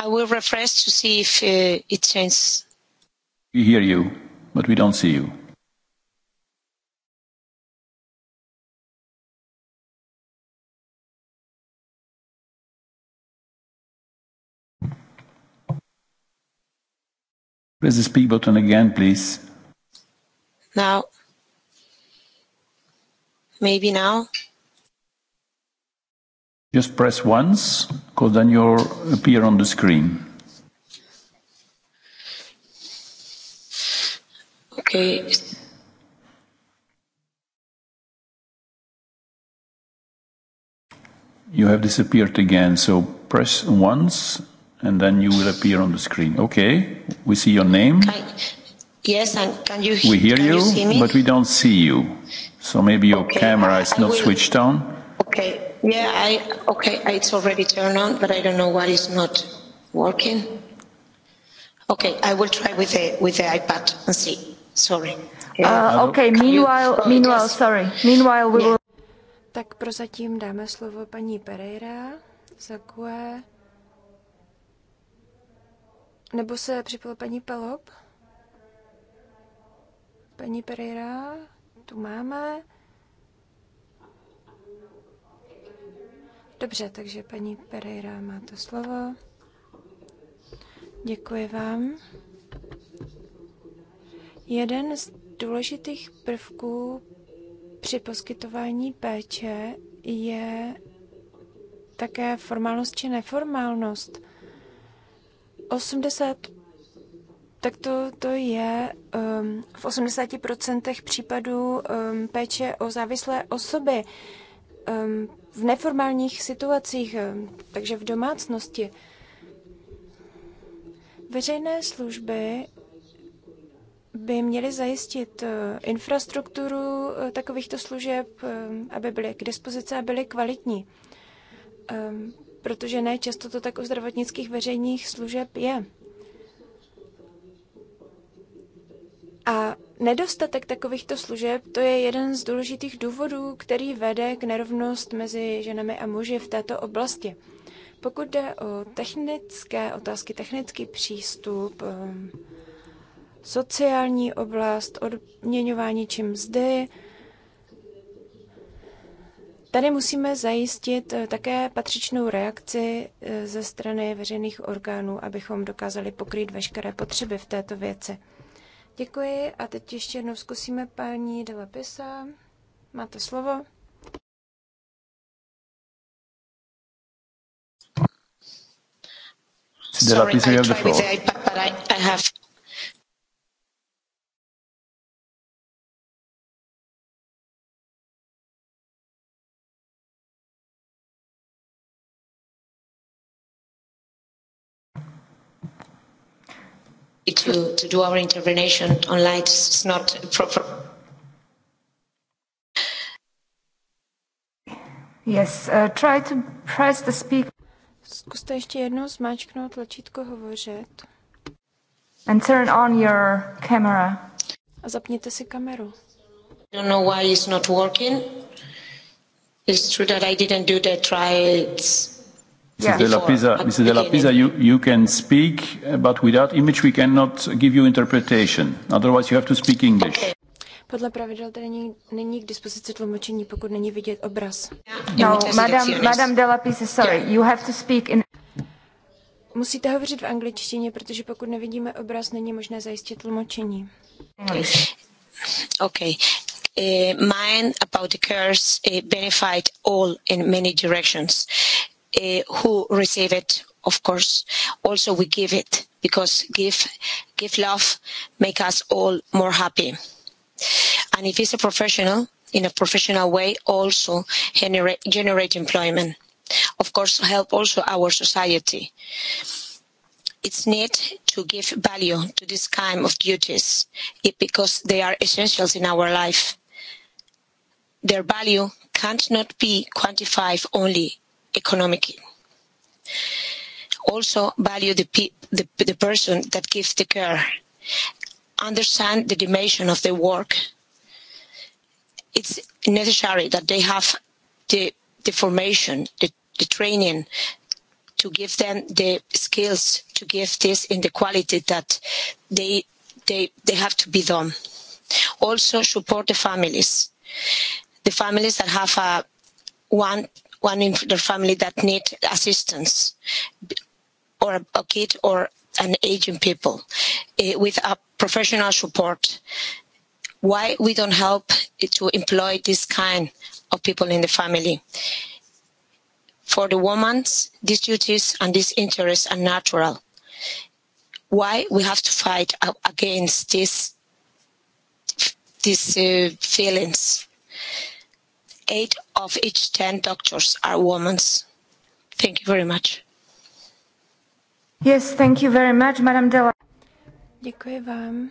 I will refresh to see if uh, it changes. We hear you, but we don't see you. Press the speak button again, please. Now. Maybe now. Just press once, because then you'll appear on the screen. Okay. You have disappeared again, so press once and then you will appear on the screen. Okay, we see your name. Can, yes, and can you? We hear you, you me? but we don't see you. So maybe your okay, camera is I, not will, switched on. Okay. Yeah. I okay. It's already turned on, but I don't know why it's not working. Okay. I will try with the with the iPad and see. Sorry. Uh, yeah. Uh, okay. Meanwhile, meanwhile, sorry. Meanwhile, we will. Tak prozatím dáme slovo paní Pereira, za Zakue, nebo se připojí paní Pelop? Paní Pereira, tu máme. Dobře, takže paní Pereira má to slovo. Děkuji vám. Jeden z důležitých prvků při poskytování péče je také formálnost či neformálnost. 80, tak to, to je um, v 80% případů um, péče o závislé osoby um, v neformálních situacích, um, takže v domácnosti. Veřejné služby by měly zajistit uh, infrastrukturu uh, takovýchto služeb, um, aby byly k dispozici a byly kvalitní. Um, protože ne často to tak u zdravotnických veřejných služeb je. A nedostatek takovýchto služeb, to je jeden z důležitých důvodů, který vede k nerovnost mezi ženami a muži v této oblasti. Pokud jde o technické otázky, technický přístup, eh, sociální oblast, odměňování či mzdy, Tady musíme zajistit eh, také patřičnou reakci eh, ze strany veřejných orgánů, abychom dokázali pokrýt veškeré potřeby v této věci. Děkuji a teď ještě jednou zkusíme paní Delapisa. Máte slovo. Sorry, I tried with iPad, but I have to, to do our intervention on light is not proper. Yes, uh, try to press the speaker. Zkuste ještě jednou zmáčknout tlačítko hovořit. And turn on your camera. A zapněte si kameru. I don't know why it's not working. It's true that I didn't do the trials Mr. De La Pisa, Pisa you, you can speak, but without image we cannot give you interpretation. Otherwise you have to speak English. Okay. Podle pravidel tedy není, není k dispozici tlumočení, pokud není vidět obraz. No, madam, madam de la Pisa, sorry, you have to speak in... Musíte hovořit v angličtině, protože pokud nevidíme obraz, není možné zajistit tlumočení. Okay. Uh, mine about the curse uh, benefit all in many directions. Uh, uh, who receive it, of course. Also, we give it because give, give love, make us all more happy. And if it's a professional, in a professional way, also generate, generate employment. Of course, help also our society. It's need to give value to this kind of duties it, because they are essentials in our life. Their value cannot be quantified only economically. Also value the, pe the, the person that gives the care. Understand the dimension of the work. It's necessary that they have the, the formation, the, the training, to give them the skills to give this in the quality that they they they have to be done. Also support the families, the families that have a one one in the family that need assistance or a kid or an aging people uh, with a professional support. Why we don't help to employ this kind of people in the family? For the women, these duties and these interests are natural. Why we have to fight against this, these uh, feelings? eight of each ten doctors are women. Thank you very much. Yes, thank you very much, Madame Dela. Děkuji vám.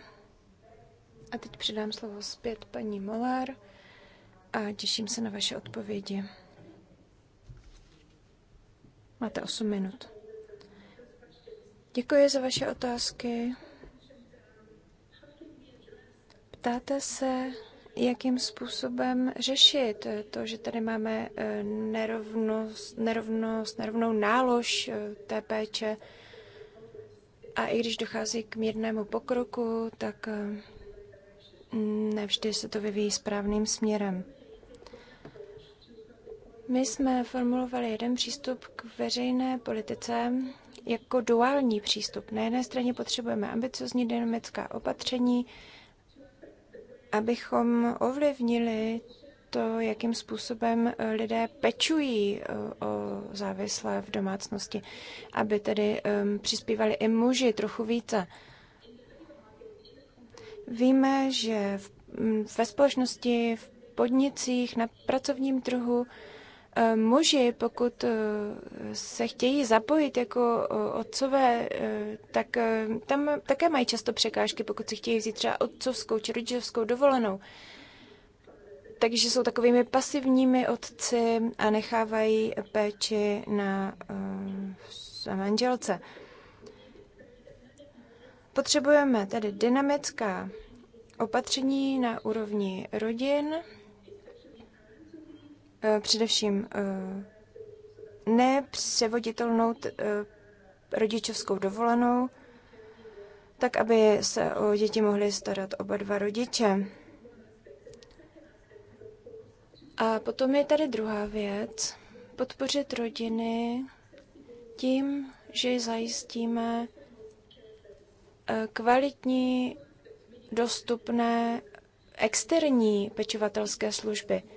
A teď předám slovo zpět paní Molár a těším se na vaše odpovědi. Máte 8 minut. Děkuji za vaše otázky. Ptáte se, jakým způsobem řešit to, že tady máme eh, nerovnost, nerovnost nerovnou nálož eh, té péče. A i když dochází k mírnému pokroku, tak eh, nevždy se to vyvíjí správným směrem. My jsme formulovali jeden přístup k veřejné politice jako duální přístup. Na jedné straně potřebujeme ambiciozní dynamická opatření, abychom ovlivnili to, jakým způsobem eh, lidé pečují eh, o závislé v domácnosti, aby tedy ehm, přispívali i muži trochu více. Víme, že mm, ve společnosti, v podnicích, na pracovním trhu Eh, muži, pokud eh, se chtějí zapojit jako eh, otcové, tak tam také mají často překážky, pokud si chtějí vzít třeba otcovskou či rodičovskou dovolenou. Takže jsou takovými pasivními otci a nechávají péči na, na manželce. Potřebujeme tedy dynamická opatření na úrovni rodin, Eh, především eh, nepřevoditelnou eh, rodičovskou dovolenou, tak aby se o děti mohli starat oba dva rodiče. A potom je tady druhá věc. Podpořit rodiny tím, že zajistíme kvalitní, dostupné externí pečovatelské služby –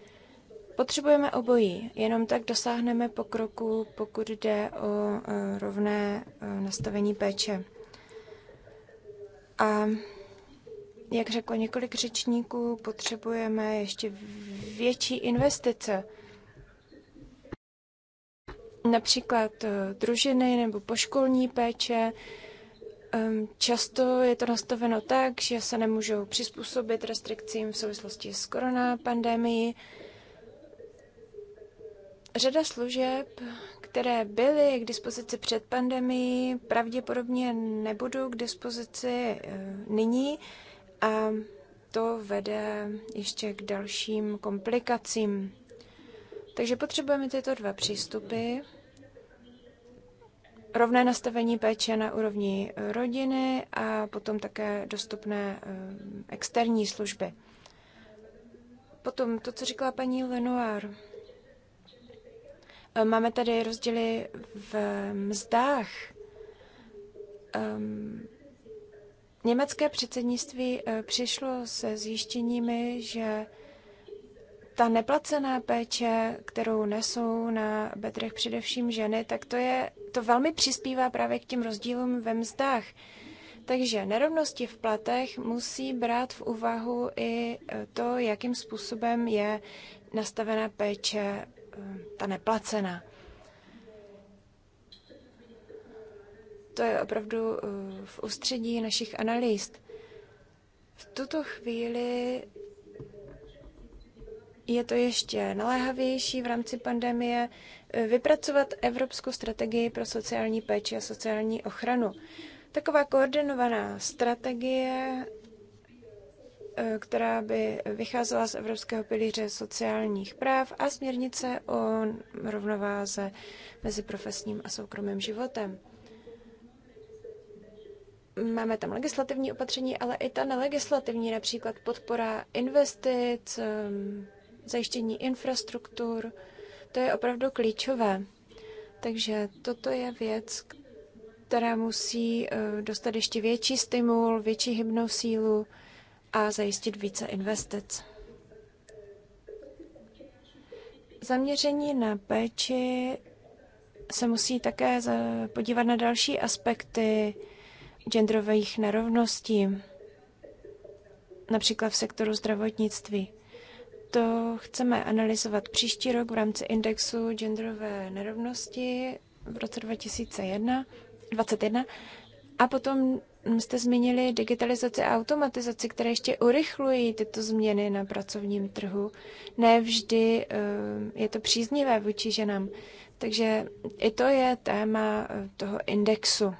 Potřebujeme obojí, jenom tak dosáhneme pokroku, pokud jde o e, rovné e, nastavení péče. A jak řeklo několik řečníků, potřebujeme ještě větší investice. Například e, družiny nebo poškolní péče. Často je to nastaveno tak, že se nemůžou přizpůsobit restrikcím v souvislosti s koronapandemií. pandemií Řada služeb, které byly k dispozici před pandemií, pravděpodobně nebudou k dispozici eh, nyní a to vede ještě k dalším komplikacím. Takže potřebujeme tyto dva přístupy. Rovné nastavení péče na úrovni eh, rodiny a potom také dostupné eh, externí služby. Potom to, co říkala paní Lenoir Eh, máme tady rozdíly v mzdách. Um, německé předsednictví eh, přišlo se zjištěními, že ta neplacená péče, kterou nesou na bedrech především ženy, tak to, je, to velmi přispívá právě k těm rozdílům ve mzdách. Takže nerovnosti v platech musí brát v úvahu i eh, to, jakým způsobem je nastavená péče ta neplacená. To je opravdu eh, v ústředí našich analýz. V tuto chvíli je to ještě naléhavější v rámci pandemie eh, vypracovat evropskou strategii pro sociální péči a sociální ochranu. Taková koordinovaná strategie E, která by vycházela z Evropského pilíře sociálních práv a směrnice o rovnováze mezi profesním a soukromým životem. Máme tam legislativní opatření, ale i ta nelegislativní, například podpora investic, e, zajištění infrastruktur, to je opravdu klíčové. Takže toto je věc, která musí e, dostat ještě větší stimul, větší hybnou sílu a zajistit více investic. Zaměření na péči se musí také podívat na další aspekty genderových nerovností, například v sektoru zdravotnictví. To chceme analyzovat příští rok v rámci indexu genderové nerovnosti v roce 2021 a potom Mm, jste zmínili digitalizaci a automatizaci, které ještě urychlují tyto změny na pracovním trhu. Nevždy eh, je to příznivé vůči ženám. Takže i to je téma eh, toho indexu.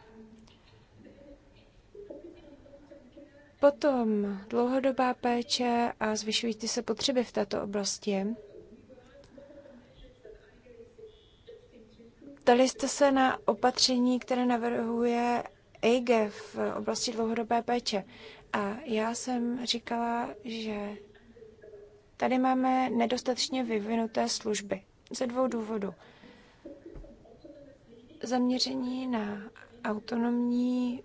Potom dlouhodobá péče a zvyšující se potřeby v této oblasti. Ptali jste se na opatření, které navrhuje EIGE v oblasti dlouhodobé péče. A já jsem říkala, že tady máme nedostatečně vyvinuté služby. Ze dvou důvodů. Zaměření na autonomní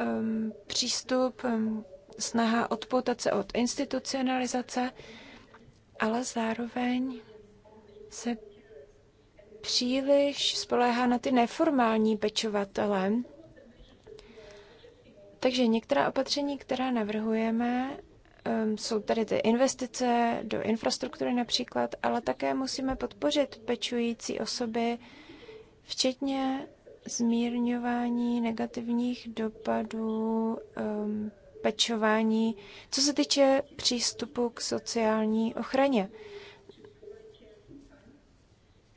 um, přístup, um, snaha odpoutat se od institucionalizace, ale zároveň se příliš spoléhá na ty neformální pečovatele. Takže některá opatření, která navrhujeme, ehm, jsou tady ty investice do infrastruktury například, ale také musíme podpořit pečující osoby, včetně zmírňování negativních dopadů um, pečování, co se týče přístupu k sociální ochraně.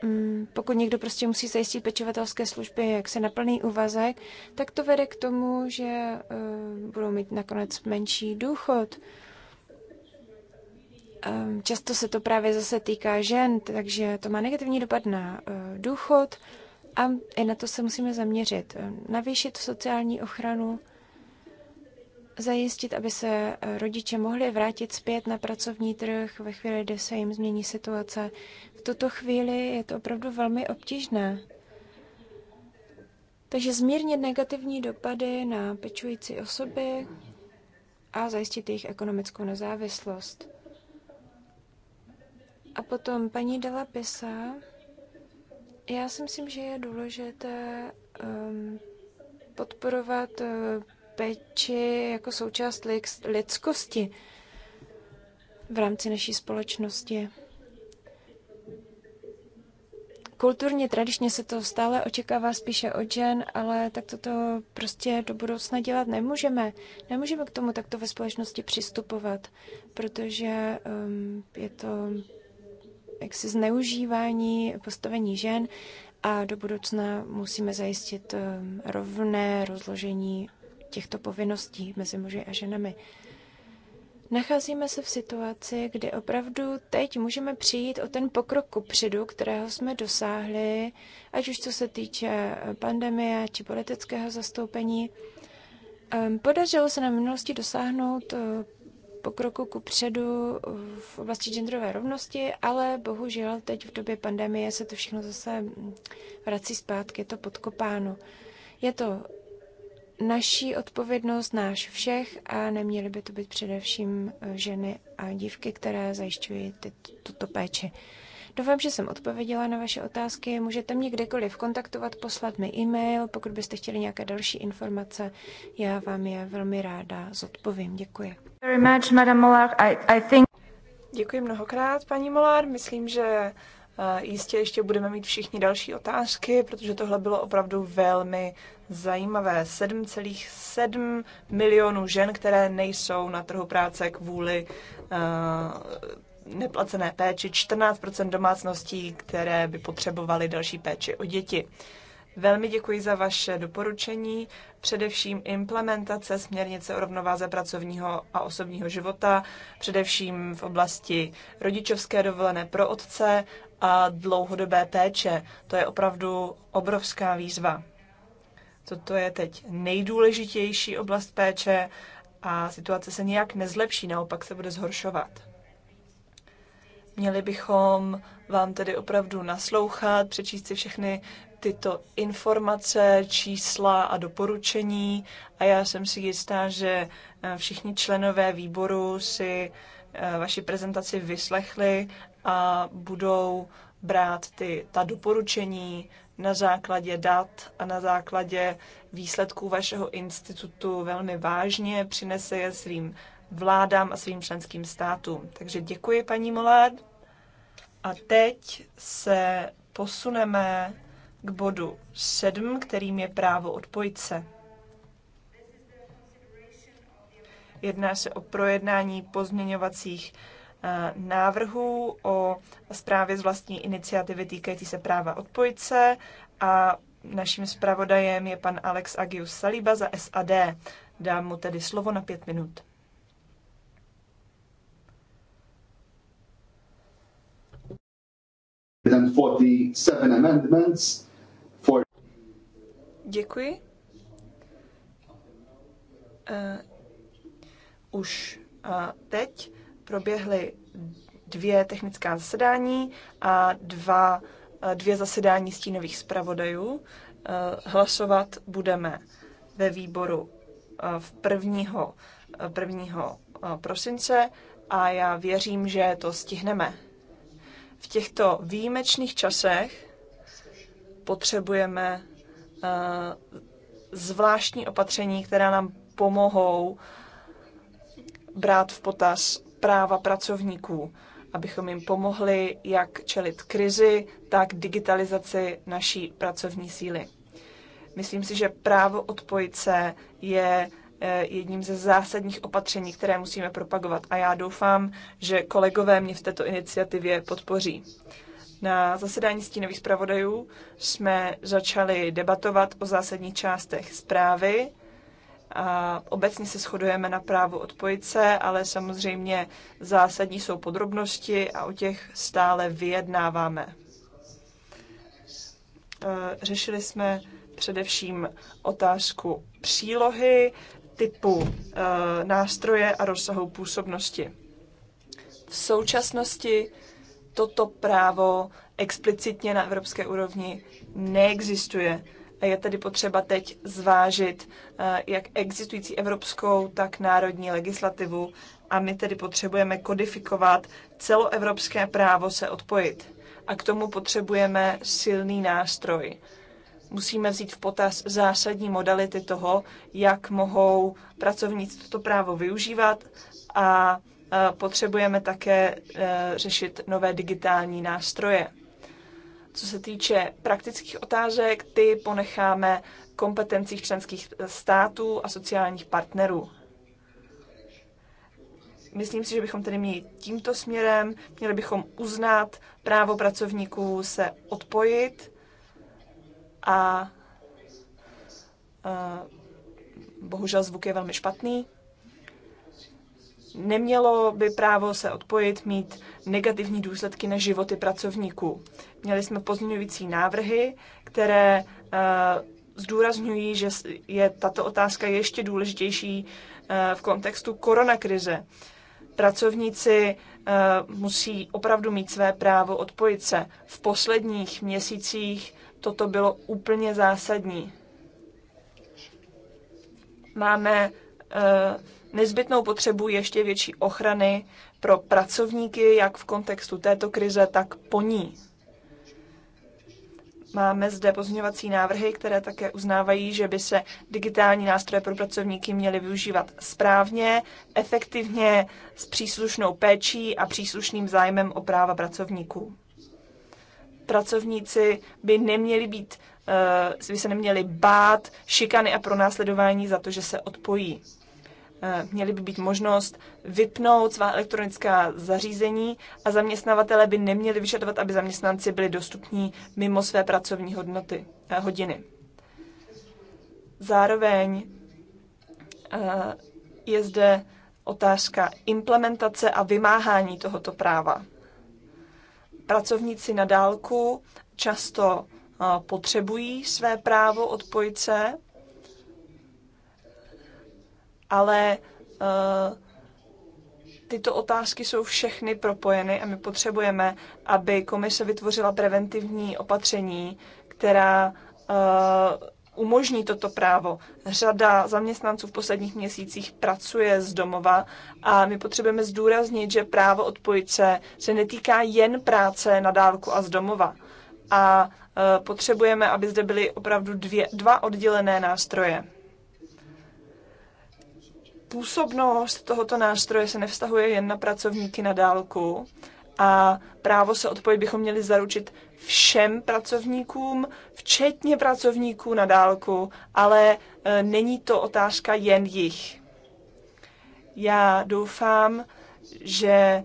Mm, pokud někdo prostě musí zajistit pečovatelské služby, jak se naplný úvazek, tak to vede k tomu, že eh, budou mít nakonec menší důchod. Ehm, často se to právě zase týká žen, takže to má negativní dopad na eh, důchod a i na to se musíme zaměřit. Navýšit sociální ochranu zajistit, aby se eh, rodiče mohli vrátit zpět na pracovní trh ve chvíli, kdy se jim změní situace. V tuto chvíli je to opravdu velmi obtížné. Takže zmírnit negativní dopady na pečující osoby a zajistit jejich ekonomickou nezávislost. A potom paní Dela Pisa. Já si myslím, že je důležité um, podporovat eh, péči jako součást lidskosti v rámci naší společnosti. Kulturně, tradičně se to stále očekává spíše od žen, ale tak toto prostě do budoucna dělat nemůžeme. Nemůžeme k tomu takto ve společnosti přistupovat, protože um, je to jaksi zneužívání postavení žen a do budoucna musíme zajistit um, rovné rozložení těchto povinností mezi muži a ženami. Nacházíme se v situaci, kdy opravdu teď můžeme přijít o ten pokrok kupředu, kterého jsme dosáhli, ať už co se týče eh, pandemie či politického zastoupení. Ehm, podařilo se na minulosti dosáhnout eh, pokroku kupředu eh, v oblasti genderové rovnosti, ale bohužel teď v době pandemie se to všechno zase hm, vrací zpátky, je to podkopáno. Je to naší odpovědnost, náš všech a neměly by to být především eh, ženy a dívky, které zajišťují ty, tuto péči. Doufám, že jsem odpověděla na vaše otázky. Můžete mě kdekoliv kontaktovat, poslat mi e-mail. Pokud byste chtěli nějaké další informace, já vám je velmi ráda zodpovím. Děkuji. Very much, Madame Molar. I, I think... Děkuji mnohokrát, paní Molar. Myslím, že Jistě ještě budeme mít všichni další otázky, protože tohle bylo opravdu velmi zajímavé. 7,7 milionů žen, které nejsou na trhu práce kvůli eh, neplacené péči, 14 domácností, které by potřebovaly další péči o děti. Velmi děkuji za vaše doporučení, především implementace směrnice o rovnováze pracovního a osobního života, především v oblasti rodičovské dovolené pro otce a dlouhodobé péče. To je opravdu obrovská výzva. Toto je teď nejdůležitější oblast péče a situace se nijak nezlepší, naopak se bude zhoršovat. Měli bychom vám tedy opravdu naslouchat, přečíst si všechny tyto informace, čísla a doporučení a já jsem si jistá, že eh, všichni členové výboru si eh, vaši prezentaci vyslechli a budou brát ty, ta doporučení na základě dat a na základě výsledků vašeho institutu velmi vážně, přinese je svým vládám a svým členským státům. Takže děkuji, paní Molard. A teď se posuneme k bodu 7, kterým je právo odpojit se. Jedná se o projednání pozměňovacích Eh, návrhů o zprávě z vlastní iniciativy týkající se práva se a naším zpravodajem je pan Alex Agius Saliba za SAD. Dám mu tedy slovo na pět minut. Děkuji. Uh, už uh, teď proběhly dvě technická zasedání a dva, dvě zasedání stínových zpravodajů. E, hlasovat budeme ve výboru e, v 1. 1. E, prosince a já věřím, že to stihneme. V těchto výjimečných časech potřebujeme zvláštní opatření, která nám pomohou brát v potaz práva pracovníků, abychom jim pomohli jak čelit krizi, tak digitalizaci naší pracovní síly. Myslím si, že právo odpojit se je eh, jedním ze zásadních opatření, které musíme propagovat. A já doufám, že kolegové mě v této iniciativě podpoří. Na zasedání stínových zpravodajů jsme začali debatovat o zásadních částech zprávy a obecně se shodujeme na právu odpojit se, ale samozřejmě zásadní jsou podrobnosti a o těch stále vyjednáváme. E, řešili jsme především otázku přílohy, typu e, nástroje a rozsahu působnosti. V současnosti toto právo explicitně na evropské úrovni neexistuje. Je tedy potřeba teď zvážit eh, jak existující evropskou, tak národní legislativu a my tedy potřebujeme kodifikovat celoevropské právo se odpojit. A k tomu potřebujeme silný nástroj. Musíme vzít v potaz zásadní modality toho, jak mohou pracovníci toto právo využívat a eh, potřebujeme také eh, řešit nové digitální nástroje. Co se týče praktických otázek, ty ponecháme kompetencích členských států a sociálních partnerů. Myslím si, že bychom tedy měli tímto směrem, měli bychom uznat právo pracovníků se odpojit a eh, bohužel zvuk je velmi špatný. Nemělo by právo se odpojit mít negativní důsledky na životy pracovníků. Měli jsme pozměňující návrhy, které eh, zdůrazňují, že je tato otázka ještě důležitější eh, v kontextu koronakrize. Pracovníci eh, musí opravdu mít své právo odpojit se. V posledních měsících toto bylo úplně zásadní. Máme nezbytnou potřebu ještě větší ochrany pro pracovníky, jak v kontextu této krize, tak po ní. Máme zde pozměňovací návrhy, které také uznávají, že by se digitální nástroje pro pracovníky měly využívat správně, efektivně, s příslušnou péčí a příslušným zájmem o práva pracovníků. Pracovníci by neměli být, eh, by se neměli bát šikany a pronásledování za to, že se odpojí. Eh, měly by být možnost vypnout svá elektronická zařízení a zaměstnavatele by neměli vyžadovat, aby zaměstnanci byli dostupní mimo své pracovní hodnoty, eh, hodiny. Zároveň eh, je zde otázka implementace a vymáhání tohoto práva. Pracovníci na dálku často potřebují své právo odpojit se ale uh, tyto otázky jsou všechny propojeny a my potřebujeme, aby komise vytvořila preventivní opatření, která uh, umožní toto právo. Řada zaměstnanců v posledních měsících pracuje z domova a my potřebujeme zdůraznit, že právo odpojit se se netýká jen práce na dálku a z domova. A eh, potřebujeme, aby zde byly opravdu dvě, dva oddělené nástroje. Působnost tohoto nástroje se nevztahuje jen na pracovníky na dálku a právo se odpojit bychom měli zaručit všem pracovníkům, včetně pracovníků na dálku, ale e, není to otázka jen jich. Já doufám, že e,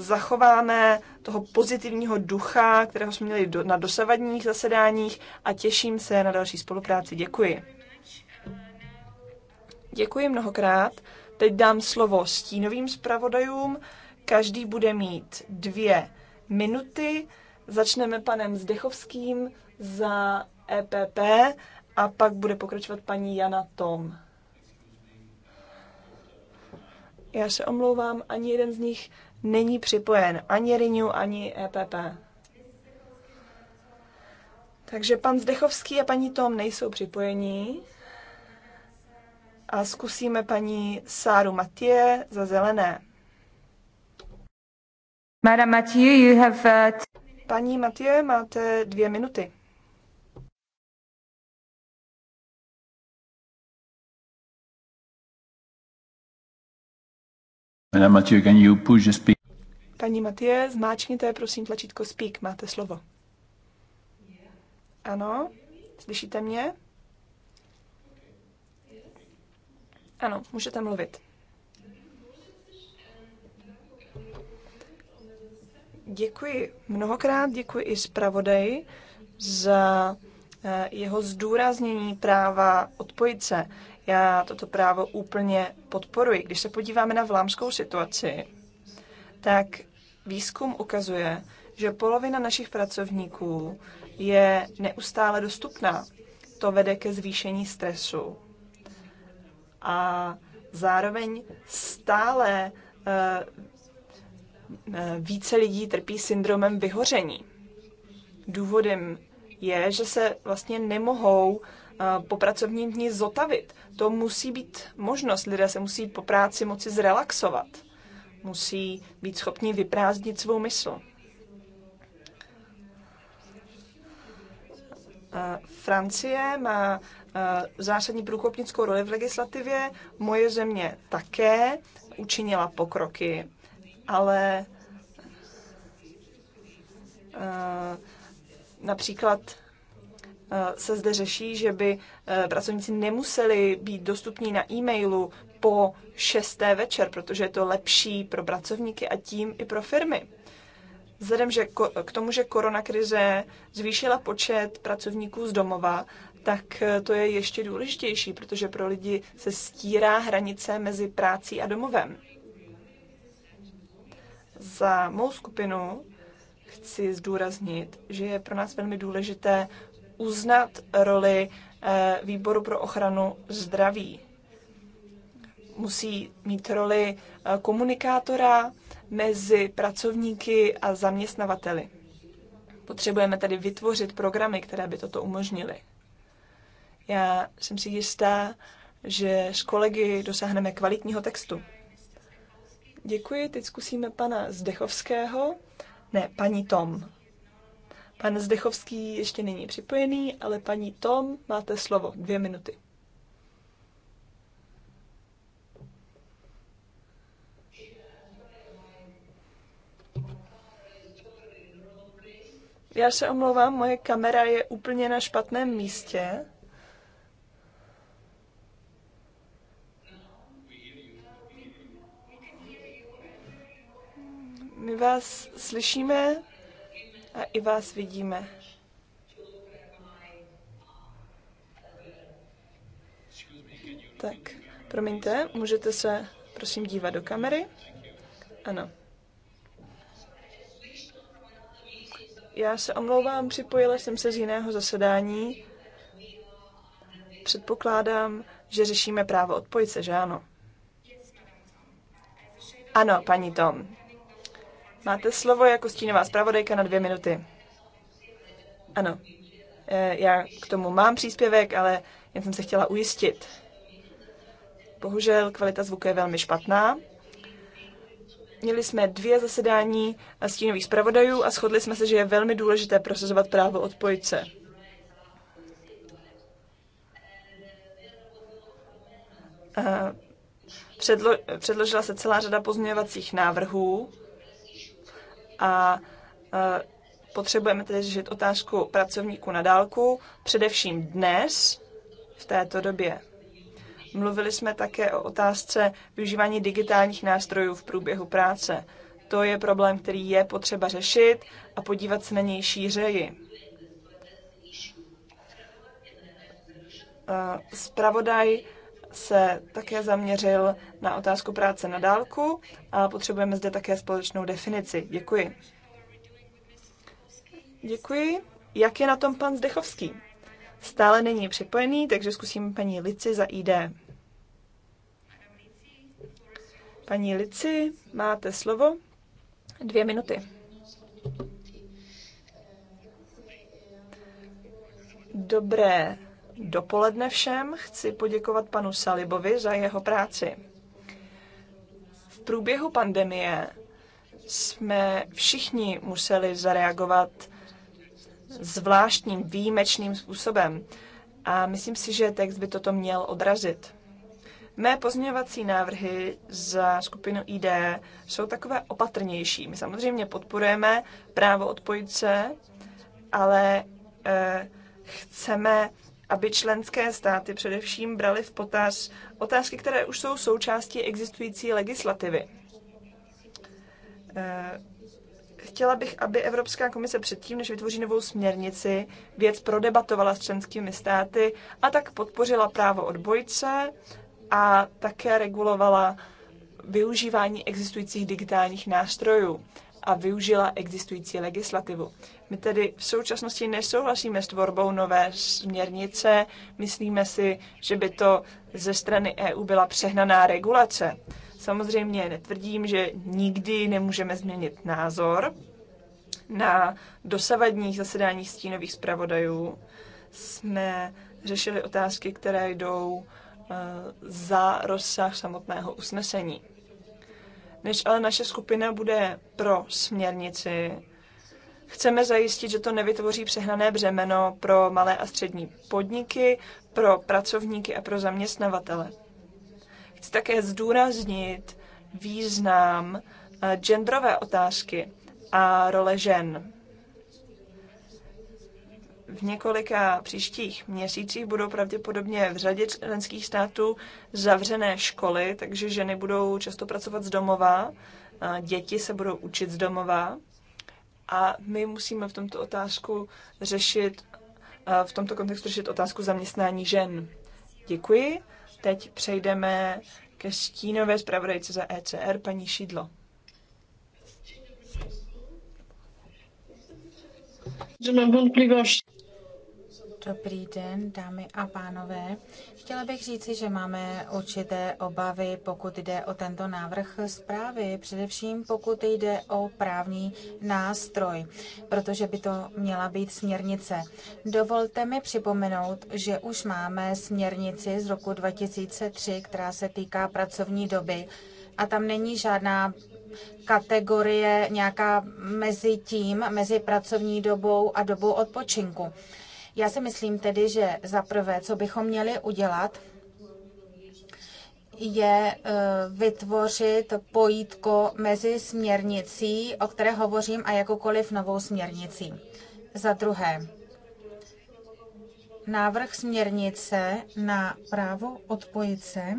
zachováme toho pozitivního ducha, kterého jsme měli na dosavadních zasedáních a těším se na další spolupráci. Děkuji. Děkuji mnohokrát. Teď dám slovo stínovým zpravodajům. Každý bude mít dvě minuty. Začneme panem Zdechovským za EPP a pak bude pokračovat paní Jana Tom. Já se omlouvám, ani jeden z nich není připojen, ani Renew, ani EPP. Takže pan Zdechovský a paní Tom nejsou připojení. A zkusíme paní Sáru Matie za zelené. Madame Mathieu, you have... Uh... Paní Matie, máte dvě minuty. Madame Mathieu, can you push the speak? Paní Matie, zmáčkněte prosím tlačítko speak, máte slovo. Ano, slyšíte mě? Ano, můžete mluvit. Děkuji mnohokrát, děkuji i zpravodaji za eh, jeho zdůraznění práva odpojit se. Já toto právo úplně podporuji. Když se podíváme na vlámskou situaci, tak výzkum ukazuje, že polovina našich pracovníků je neustále dostupná. To vede ke zvýšení stresu a zároveň stále eh, eh, více lidí trpí syndromem vyhoření. Důvodem je, že se vlastně nemohou eh, po pracovním dní zotavit. To musí být možnost. Lidé se musí po práci moci zrelaxovat. Musí být schopni vyprázdnit svou mysl. Eh, Francie má eh, zásadní průkopnickou roli v legislativě, moje země také učinila pokroky, ale eh, například se zde řeší, že by pracovníci nemuseli být dostupní na e-mailu po šesté večer, protože je to lepší pro pracovníky a tím i pro firmy. Vzhledem že k tomu, že koronakrize zvýšila počet pracovníků z domova, tak eh, to je ještě důležitější, protože pro lidi se stírá hranice mezi prací a domovem. Za mou skupinu chci zdůraznit, že je pro nás velmi důležité uznat roli eh, Výboru pro ochranu zdraví. Musí mít roli eh, komunikátora, mezi pracovníky a zaměstnavateli. Potřebujeme tedy vytvořit programy, které by toto umožnily. Já jsem si jistá, že s kolegy dosáhneme kvalitního textu. Děkuji, teď zkusíme pana Zdechovského. Ne, paní Tom. Pan Zdechovský ještě není připojený, ale paní Tom, máte slovo. Dvě minuty. Já se omlouvám, moje kamera je úplně na špatném místě. My vás slyšíme a i vás vidíme. Tak, promiňte, můžete se prosím dívat do kamery? Ano. Já se omlouvám, připojila jsem se z jiného zasedání. Předpokládám, že řešíme právo se, že ano? Ano, paní Tom. Máte slovo jako stínová zpravodajka na dvě minuty. Ano, eh, já k tomu mám příspěvek, ale jen jsem se chtěla ujistit. Bohužel kvalita zvuku je velmi špatná. Měli jsme dvě zasedání stínových zpravodajů a shodli jsme se, že je velmi důležité prosazovat právo odpojce. Předlo, předložila se celá řada pozměňovacích návrhů a potřebujeme tedy řešit otázku pracovníků na dálku, především dnes, v této době Mluvili jsme také o otázce využívání digitálních nástrojů v průběhu práce. To je problém, který je potřeba řešit a podívat se na něj šířeji. Spravodaj eh, se také zaměřil na otázku práce na dálku a potřebujeme zde také společnou definici. Děkuji. Děkuji. Jak je na tom pan Zdechovský? stále není připojený, takže zkusím paní Lici za ID. Paní Lici, máte slovo. Dvě minuty. Dobré dopoledne všem. Chci poděkovat panu Salibovi za jeho práci. V průběhu pandemie jsme všichni museli zareagovat zvláštním, výjimečným způsobem. A myslím si, že text by toto měl odrazit. Mé pozměňovací návrhy za skupinu ID jsou takové opatrnější. My samozřejmě podporujeme právo odpojit se, ale e, chceme, aby členské státy především brali v potaz otázky, které už jsou součástí existující legislativy. Eh, Chtěla bych, aby Evropská komise předtím, než vytvoří novou směrnici, věc prodebatovala s členskými státy a tak podpořila právo odbojce a také regulovala využívání existujících digitálních nástrojů a využila existující legislativu. My tedy v současnosti nesouhlasíme s tvorbou nové směrnice, myslíme si, že by to ze strany EU byla přehnaná regulace. Samozřejmě netvrdím, že nikdy nemůžeme změnit názor. Na dosavadních zasedáních stínových zpravodajů jsme řešili otázky, které jdou eh, za rozsah samotného usnesení. Než ale naše skupina bude pro směrnici, chceme zajistit, že to nevytvoří přehnané břemeno pro malé a střední podniky, pro pracovníky a pro zaměstnavatele. Chci také zdůraznit význam eh, genderové otázky a role žen. V několika příštích měsících budou pravděpodobně v řadě členských států zavřené školy, takže ženy budou často pracovat z domova, eh, děti se budou učit z domova a my musíme v tomto otázku řešit, eh, v tomto kontextu řešit otázku zaměstnání žen. Děkuji. Teď přejdeme ke stínové zpravodajce za ECR, paní Šidlo. Že mám vątpliwości. Dobrý den, dámy a pánové. Chtěla bych říci, že máme určité obavy, pokud jde o tento návrh zprávy, především pokud jde o právní nástroj, protože by to měla být směrnice. Dovolte mi připomenout, že už máme směrnici z roku 2003, která se týká pracovní doby a tam není žádná kategorie nějaká mezi tím, mezi pracovní dobou a dobou odpočinku. Já si myslím tedy, že za prvé, co bychom měli udělat, je eh, vytvořit pojítko mezi směrnicí, o které hovořím, a jakoukoliv novou směrnicí. Za druhé, návrh směrnice na právo odpojit se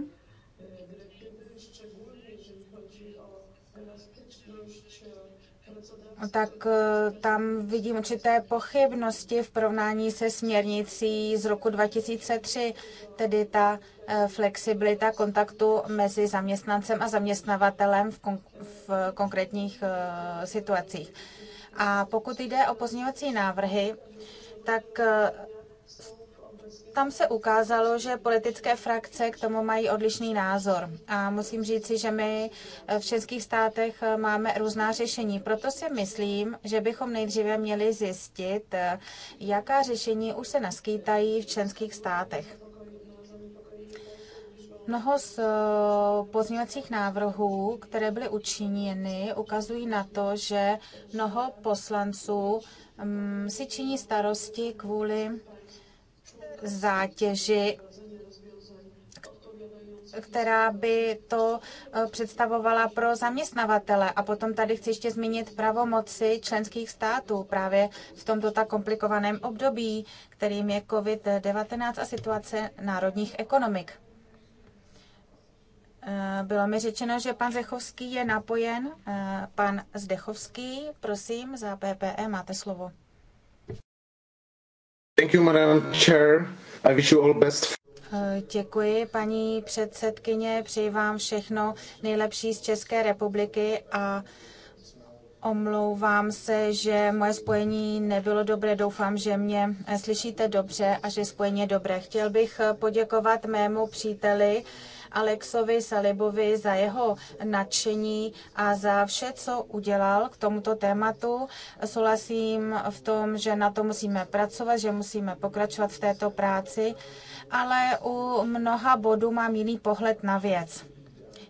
tak eh, tam vidím určité pochybnosti v porovnání se směrnicí z roku 2003, tedy ta eh, flexibilita kontaktu mezi zaměstnancem a zaměstnavatelem v, konk- v konkrétních eh, situacích. A pokud jde o pozměňovací návrhy, tak tam se ukázalo, že politické frakce k tomu mají odlišný názor. A musím říci, že my eh, v českých státech eh, máme různá řešení. Proto si myslím, že bychom nejdříve měli zjistit, eh, jaká řešení už se naskýtají v českých státech. Mnoho z pozměňovacích návrhů, které byly učiněny, ukazují na to, že mnoho poslanců mm, si činí starosti kvůli zátěži, která by to eh, představovala pro zaměstnavatele. A potom tady chci ještě zmínit pravomoci členských států právě v tomto tak komplikovaném období, kterým je COVID-19 a situace národních ekonomik. Eh, bylo mi řečeno, že pan Zechovský je napojen. Eh, pan Zdechovský, prosím, za PPE máte slovo. Thank you, Madam Chair. I wish you all best. Eh, děkuji, paní předsedkyně. Přeji vám všechno nejlepší z České republiky a omlouvám se, že moje spojení nebylo dobré. Doufám, že mě eh, slyšíte dobře a že spojení je dobré. Chtěl bych eh, poděkovat mému příteli, Alexovi Salibovi za jeho nadšení a za vše, co udělal k tomuto tématu. Souhlasím v tom, že na to musíme pracovat, že musíme pokračovat v této práci, ale u mnoha bodů mám jiný pohled na věc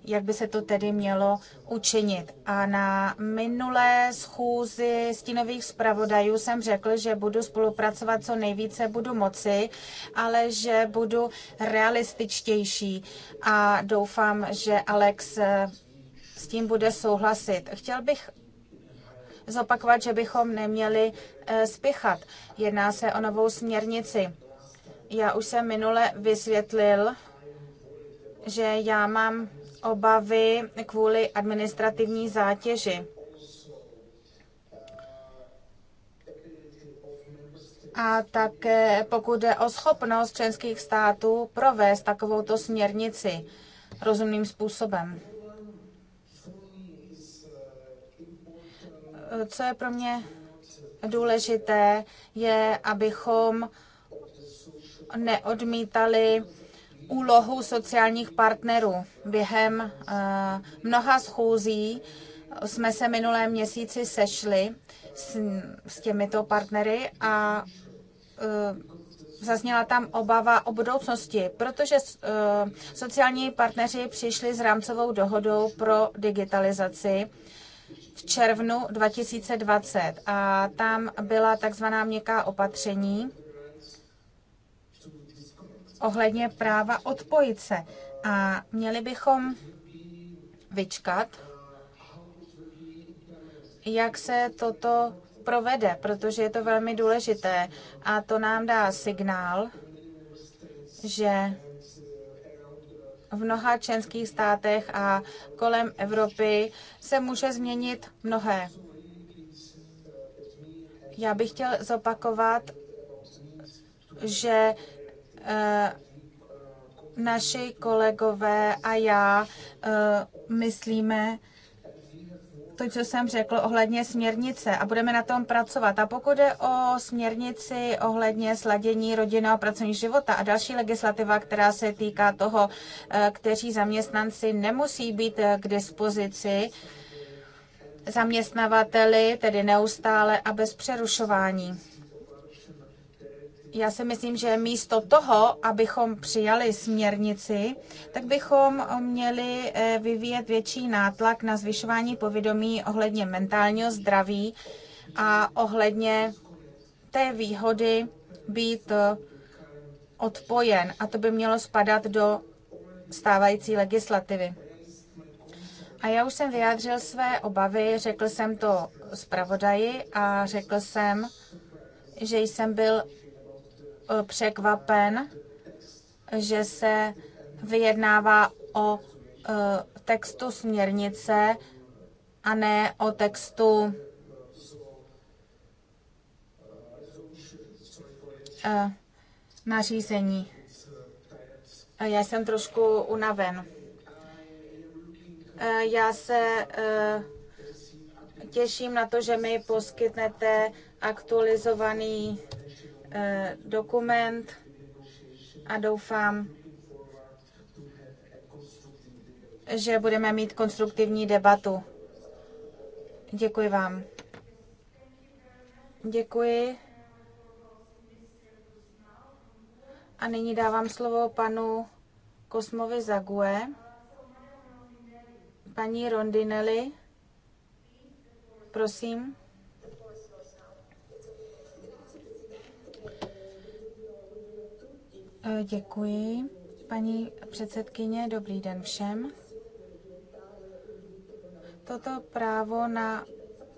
jak by se to tedy mělo učinit. A na minulé schůzi stínových zpravodajů jsem řekl, že budu spolupracovat co nejvíce budu moci, ale že budu realističtější a doufám, že Alex eh, s tím bude souhlasit. Chtěl bych zopakovat, že bychom neměli eh, spěchat. Jedná se o novou směrnici. Já už jsem minule vysvětlil, že já mám obavy kvůli administrativní zátěži. A také pokud jde o schopnost členských států provést takovouto směrnici rozumným způsobem. Co je pro mě důležité, je, abychom neodmítali úlohu sociálních partnerů. Během eh, mnoha schůzí jsme se minulé měsíci sešli s, s těmito partnery a eh, zazněla tam obava o budoucnosti, protože eh, sociální partneři přišli s rámcovou dohodou pro digitalizaci v červnu 2020 a tam byla takzvaná měkká opatření, ohledně práva odpojit se. A měli bychom vyčkat, jak se toto provede, protože je to velmi důležité a to nám dá signál, že v mnoha členských státech a kolem Evropy se může změnit mnohé. Já bych chtěl zopakovat, že Eh, naši kolegové a já eh, myslíme to, co jsem řekl ohledně směrnice a budeme na tom pracovat. A pokud je o směrnici ohledně sladění rodinného a pracovního života a další legislativa, která se týká toho, eh, kteří zaměstnanci nemusí být k dispozici, zaměstnavateli, tedy neustále a bez přerušování. Já si myslím, že místo toho, abychom přijali směrnici, tak bychom měli eh, vyvíjet větší nátlak na zvyšování povědomí ohledně mentálního zdraví a ohledně té výhody být eh, odpojen. A to by mělo spadat do stávající legislativy. A já už jsem vyjádřil své obavy, řekl jsem to zpravodaji a řekl jsem, že jsem byl překvapen, že se vyjednává o e, textu směrnice a ne o textu e, nařízení. E, já jsem trošku unaven. Já se těším na to, že mi poskytnete aktualizovaný Eh, dokument a doufám, že budeme mít konstruktivní debatu. Děkuji vám. Děkuji. A nyní dávám slovo panu Kosmovi Zague, paní Rondinelli, prosím. Eh, děkuji. Paní předsedkyně, dobrý den všem. Toto právo na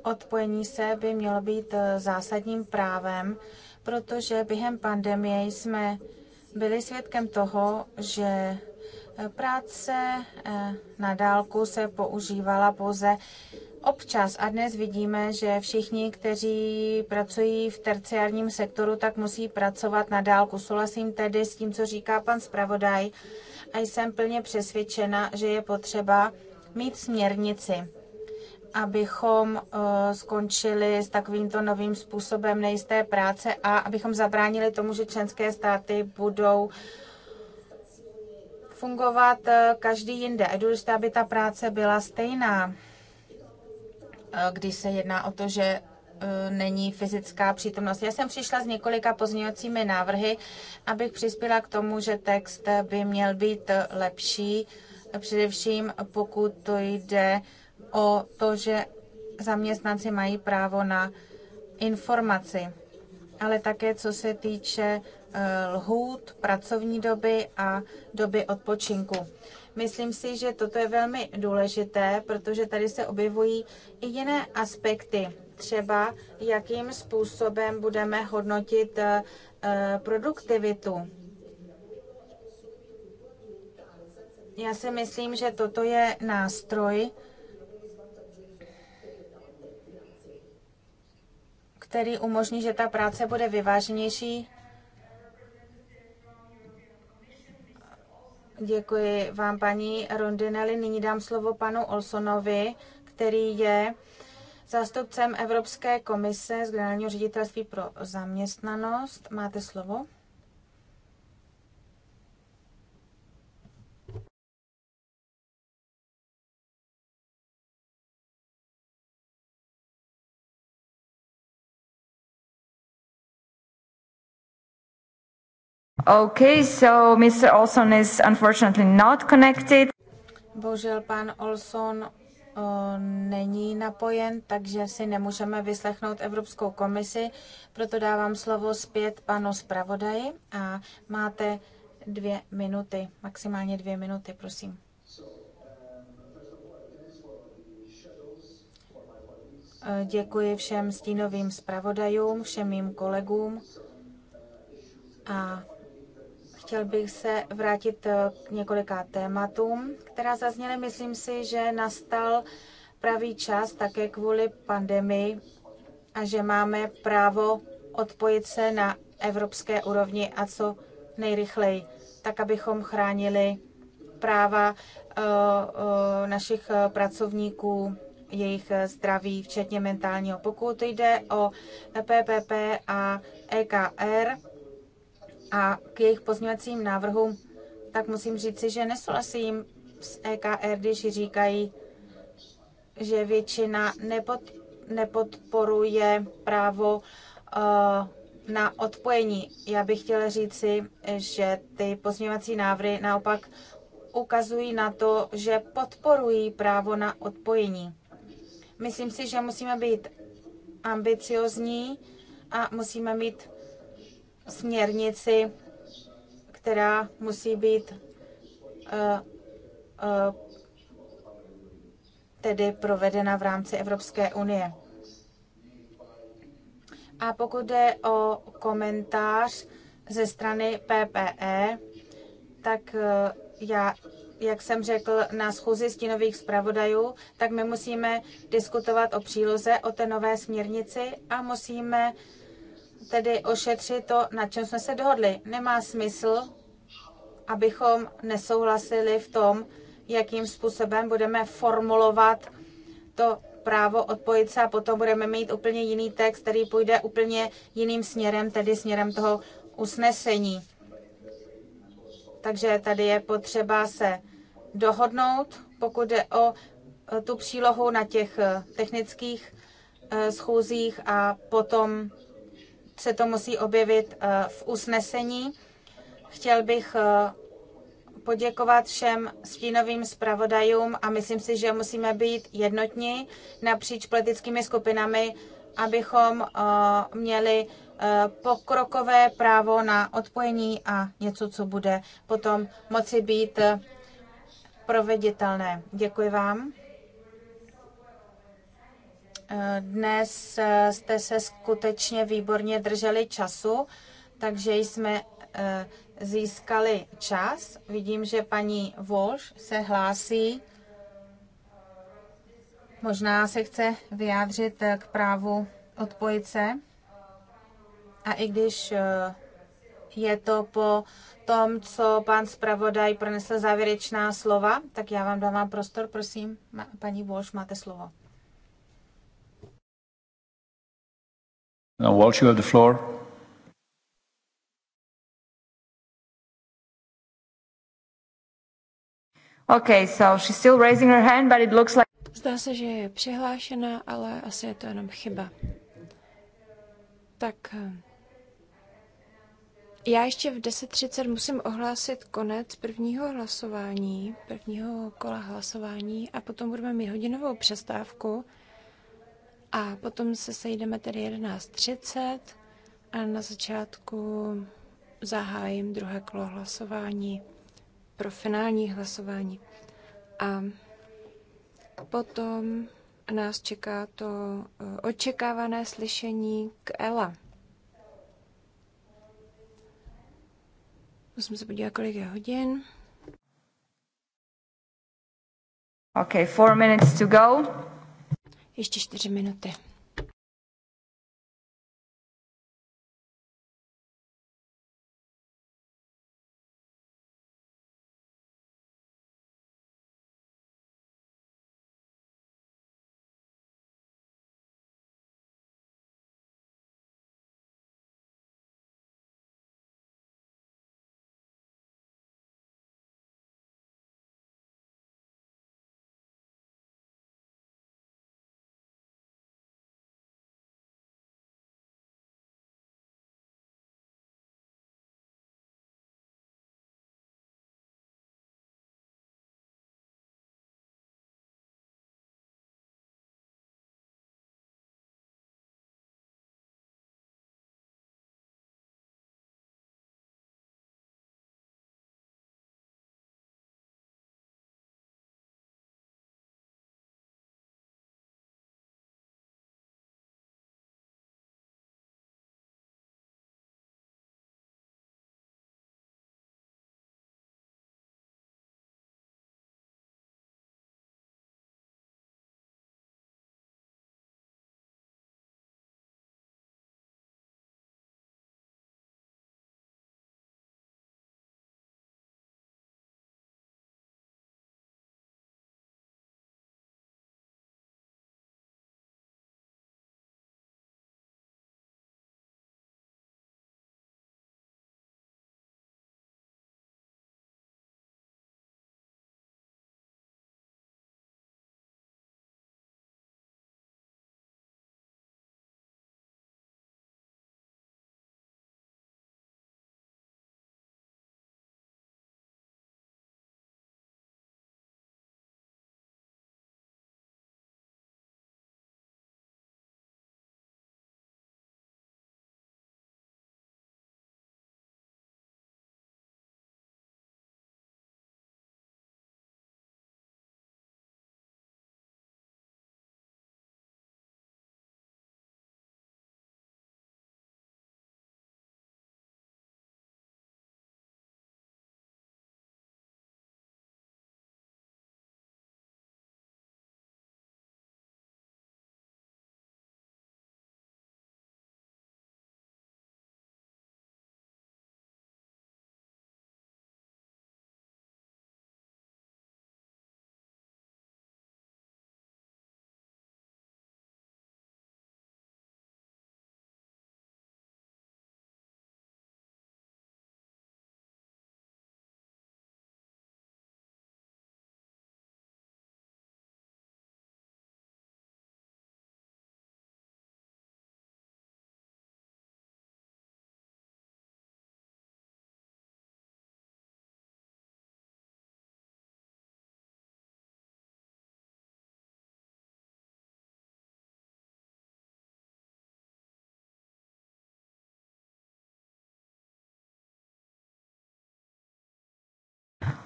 odpojení se by mělo být eh, zásadním právem, protože během pandemie jsme byli svědkem toho, že eh, práce na dálku se používala pouze občas a dnes vidíme, že všichni, kteří pracují v terciárním sektoru, tak musí pracovat na dálku. Souhlasím tedy s tím, co říká pan zpravodaj a jsem plně přesvědčena, že je potřeba mít směrnici, abychom eh, skončili s takovýmto novým způsobem nejisté práce a abychom zabránili tomu, že členské státy budou fungovat eh, každý jinde. Je důležité, aby ta práce byla stejná Eh, kdy se jedná o to, že eh, není fyzická přítomnost. Já jsem přišla s několika pozměňovacími návrhy, abych přispěla k tomu, že text by měl být lepší, především pokud to jde o to, že zaměstnanci mají právo na informaci, ale také co se týče eh, lhůt, pracovní doby a doby odpočinku. Myslím si, že toto je velmi důležité, protože tady se objevují i jiné aspekty, třeba jakým způsobem budeme hodnotit eh, produktivitu. Já si myslím, že toto je nástroj, který umožní, že ta práce bude vyváženější Děkuji vám, paní Rondinelli. Nyní dám slovo panu Olsonovi, který je zástupcem Evropské komise z Generálního ředitelství pro zaměstnanost. Máte slovo? Okay, so Mr. Olson is unfortunately not connected. Bohužel pan Olson o, není napojen, takže si nemůžeme vyslechnout Evropskou komisi, proto dávám slovo zpět panu zpravodaji a máte dvě minuty, maximálně dvě minuty, prosím. Děkuji všem stínovým zpravodajům, všem mým kolegům a Chtěl bych se vrátit eh, k několika tématům, která zazněly. Myslím si, že nastal pravý čas také kvůli pandemii a že máme právo odpojit se na evropské úrovni a co nejrychleji, tak abychom chránili práva eh, eh, našich pracovníků, jejich zdraví, včetně mentálního. Pokud jde o PPP a EKR, a k jejich pozměňovacím návrhům, tak musím říci, že nesouhlasím s EKR, když říkají, že většina nepod, nepodporuje právo uh, na odpojení. Já bych chtěla říci, že ty pozměňovací návrhy naopak ukazují na to, že podporují právo na odpojení. Myslím si, že musíme být ambiciozní a musíme mít směrnici, která musí být eh, eh, tedy provedena v rámci Evropské unie. A pokud jde o komentář ze strany PPE, tak eh, já, jak jsem řekl na schůzi stínových zpravodajů, tak my musíme diskutovat o příloze, o té nové směrnici a musíme uh, tedy ošetřit to, na čem jsme se dohodli. Nemá smysl, abychom nesouhlasili v tom, jakým způsobem budeme formulovat to právo odpojit se a potom budeme mít úplně jiný text, který půjde úplně jiným směrem, tedy směrem toho usnesení. Takže tady je potřeba se dohodnout, pokud jde o e, tu přílohu na těch e, technických e, schůzích a potom se to musí objevit eh, v usnesení. Chtěl bych eh, poděkovat všem stínovým zpravodajům a myslím si, že musíme být jednotní napříč politickými skupinami, abychom eh, měli pokrokové právo na odpojení a něco, co bude potom moci být proveditelné. Děkuji vám. Dnes eh, jste se skutečně výborně drželi času, takže jsme eh, získali čas. Vidím, že paní Walsh se hlásí. Možná se chce vyjádřit eh, k právu odpojit se. A i když je to po tom, co pan zpravodaj pronesl závěrečná slova, tak já vám dávám prostor, prosím, paní Walsh, máte slovo. Now, Walsh, you have the floor. Okay, so she's still raising her hand, but it looks like... Zdá se, že je přihlášena, ale asi je to jenom chyba. Tak eh, já ještě v 10.30 musím ohlásit konec prvního hlasování, prvního kola hlasování a potom budeme mít hodinovou přestávku. A potom se sejdeme tedy 11.30 a na začátku zahájím druhé kolo hlasování pro finální hlasování. A potom nás čeká to eh, očekávané slyšení k Ela. Musím se podívat, kolik je hodin. Okay, four minutes to go. Ještě čtyři minuty.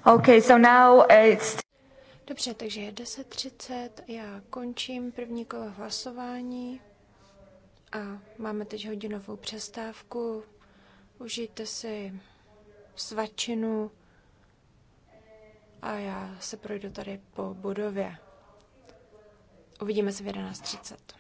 Okay, so now uh, it's... Dobře, takže je 10.30, já končím první kolo hlasování a máme teď hodinovou přestávku. Užijte si svačinu a já se projdu tady po budově. Uvidíme se v 11.30.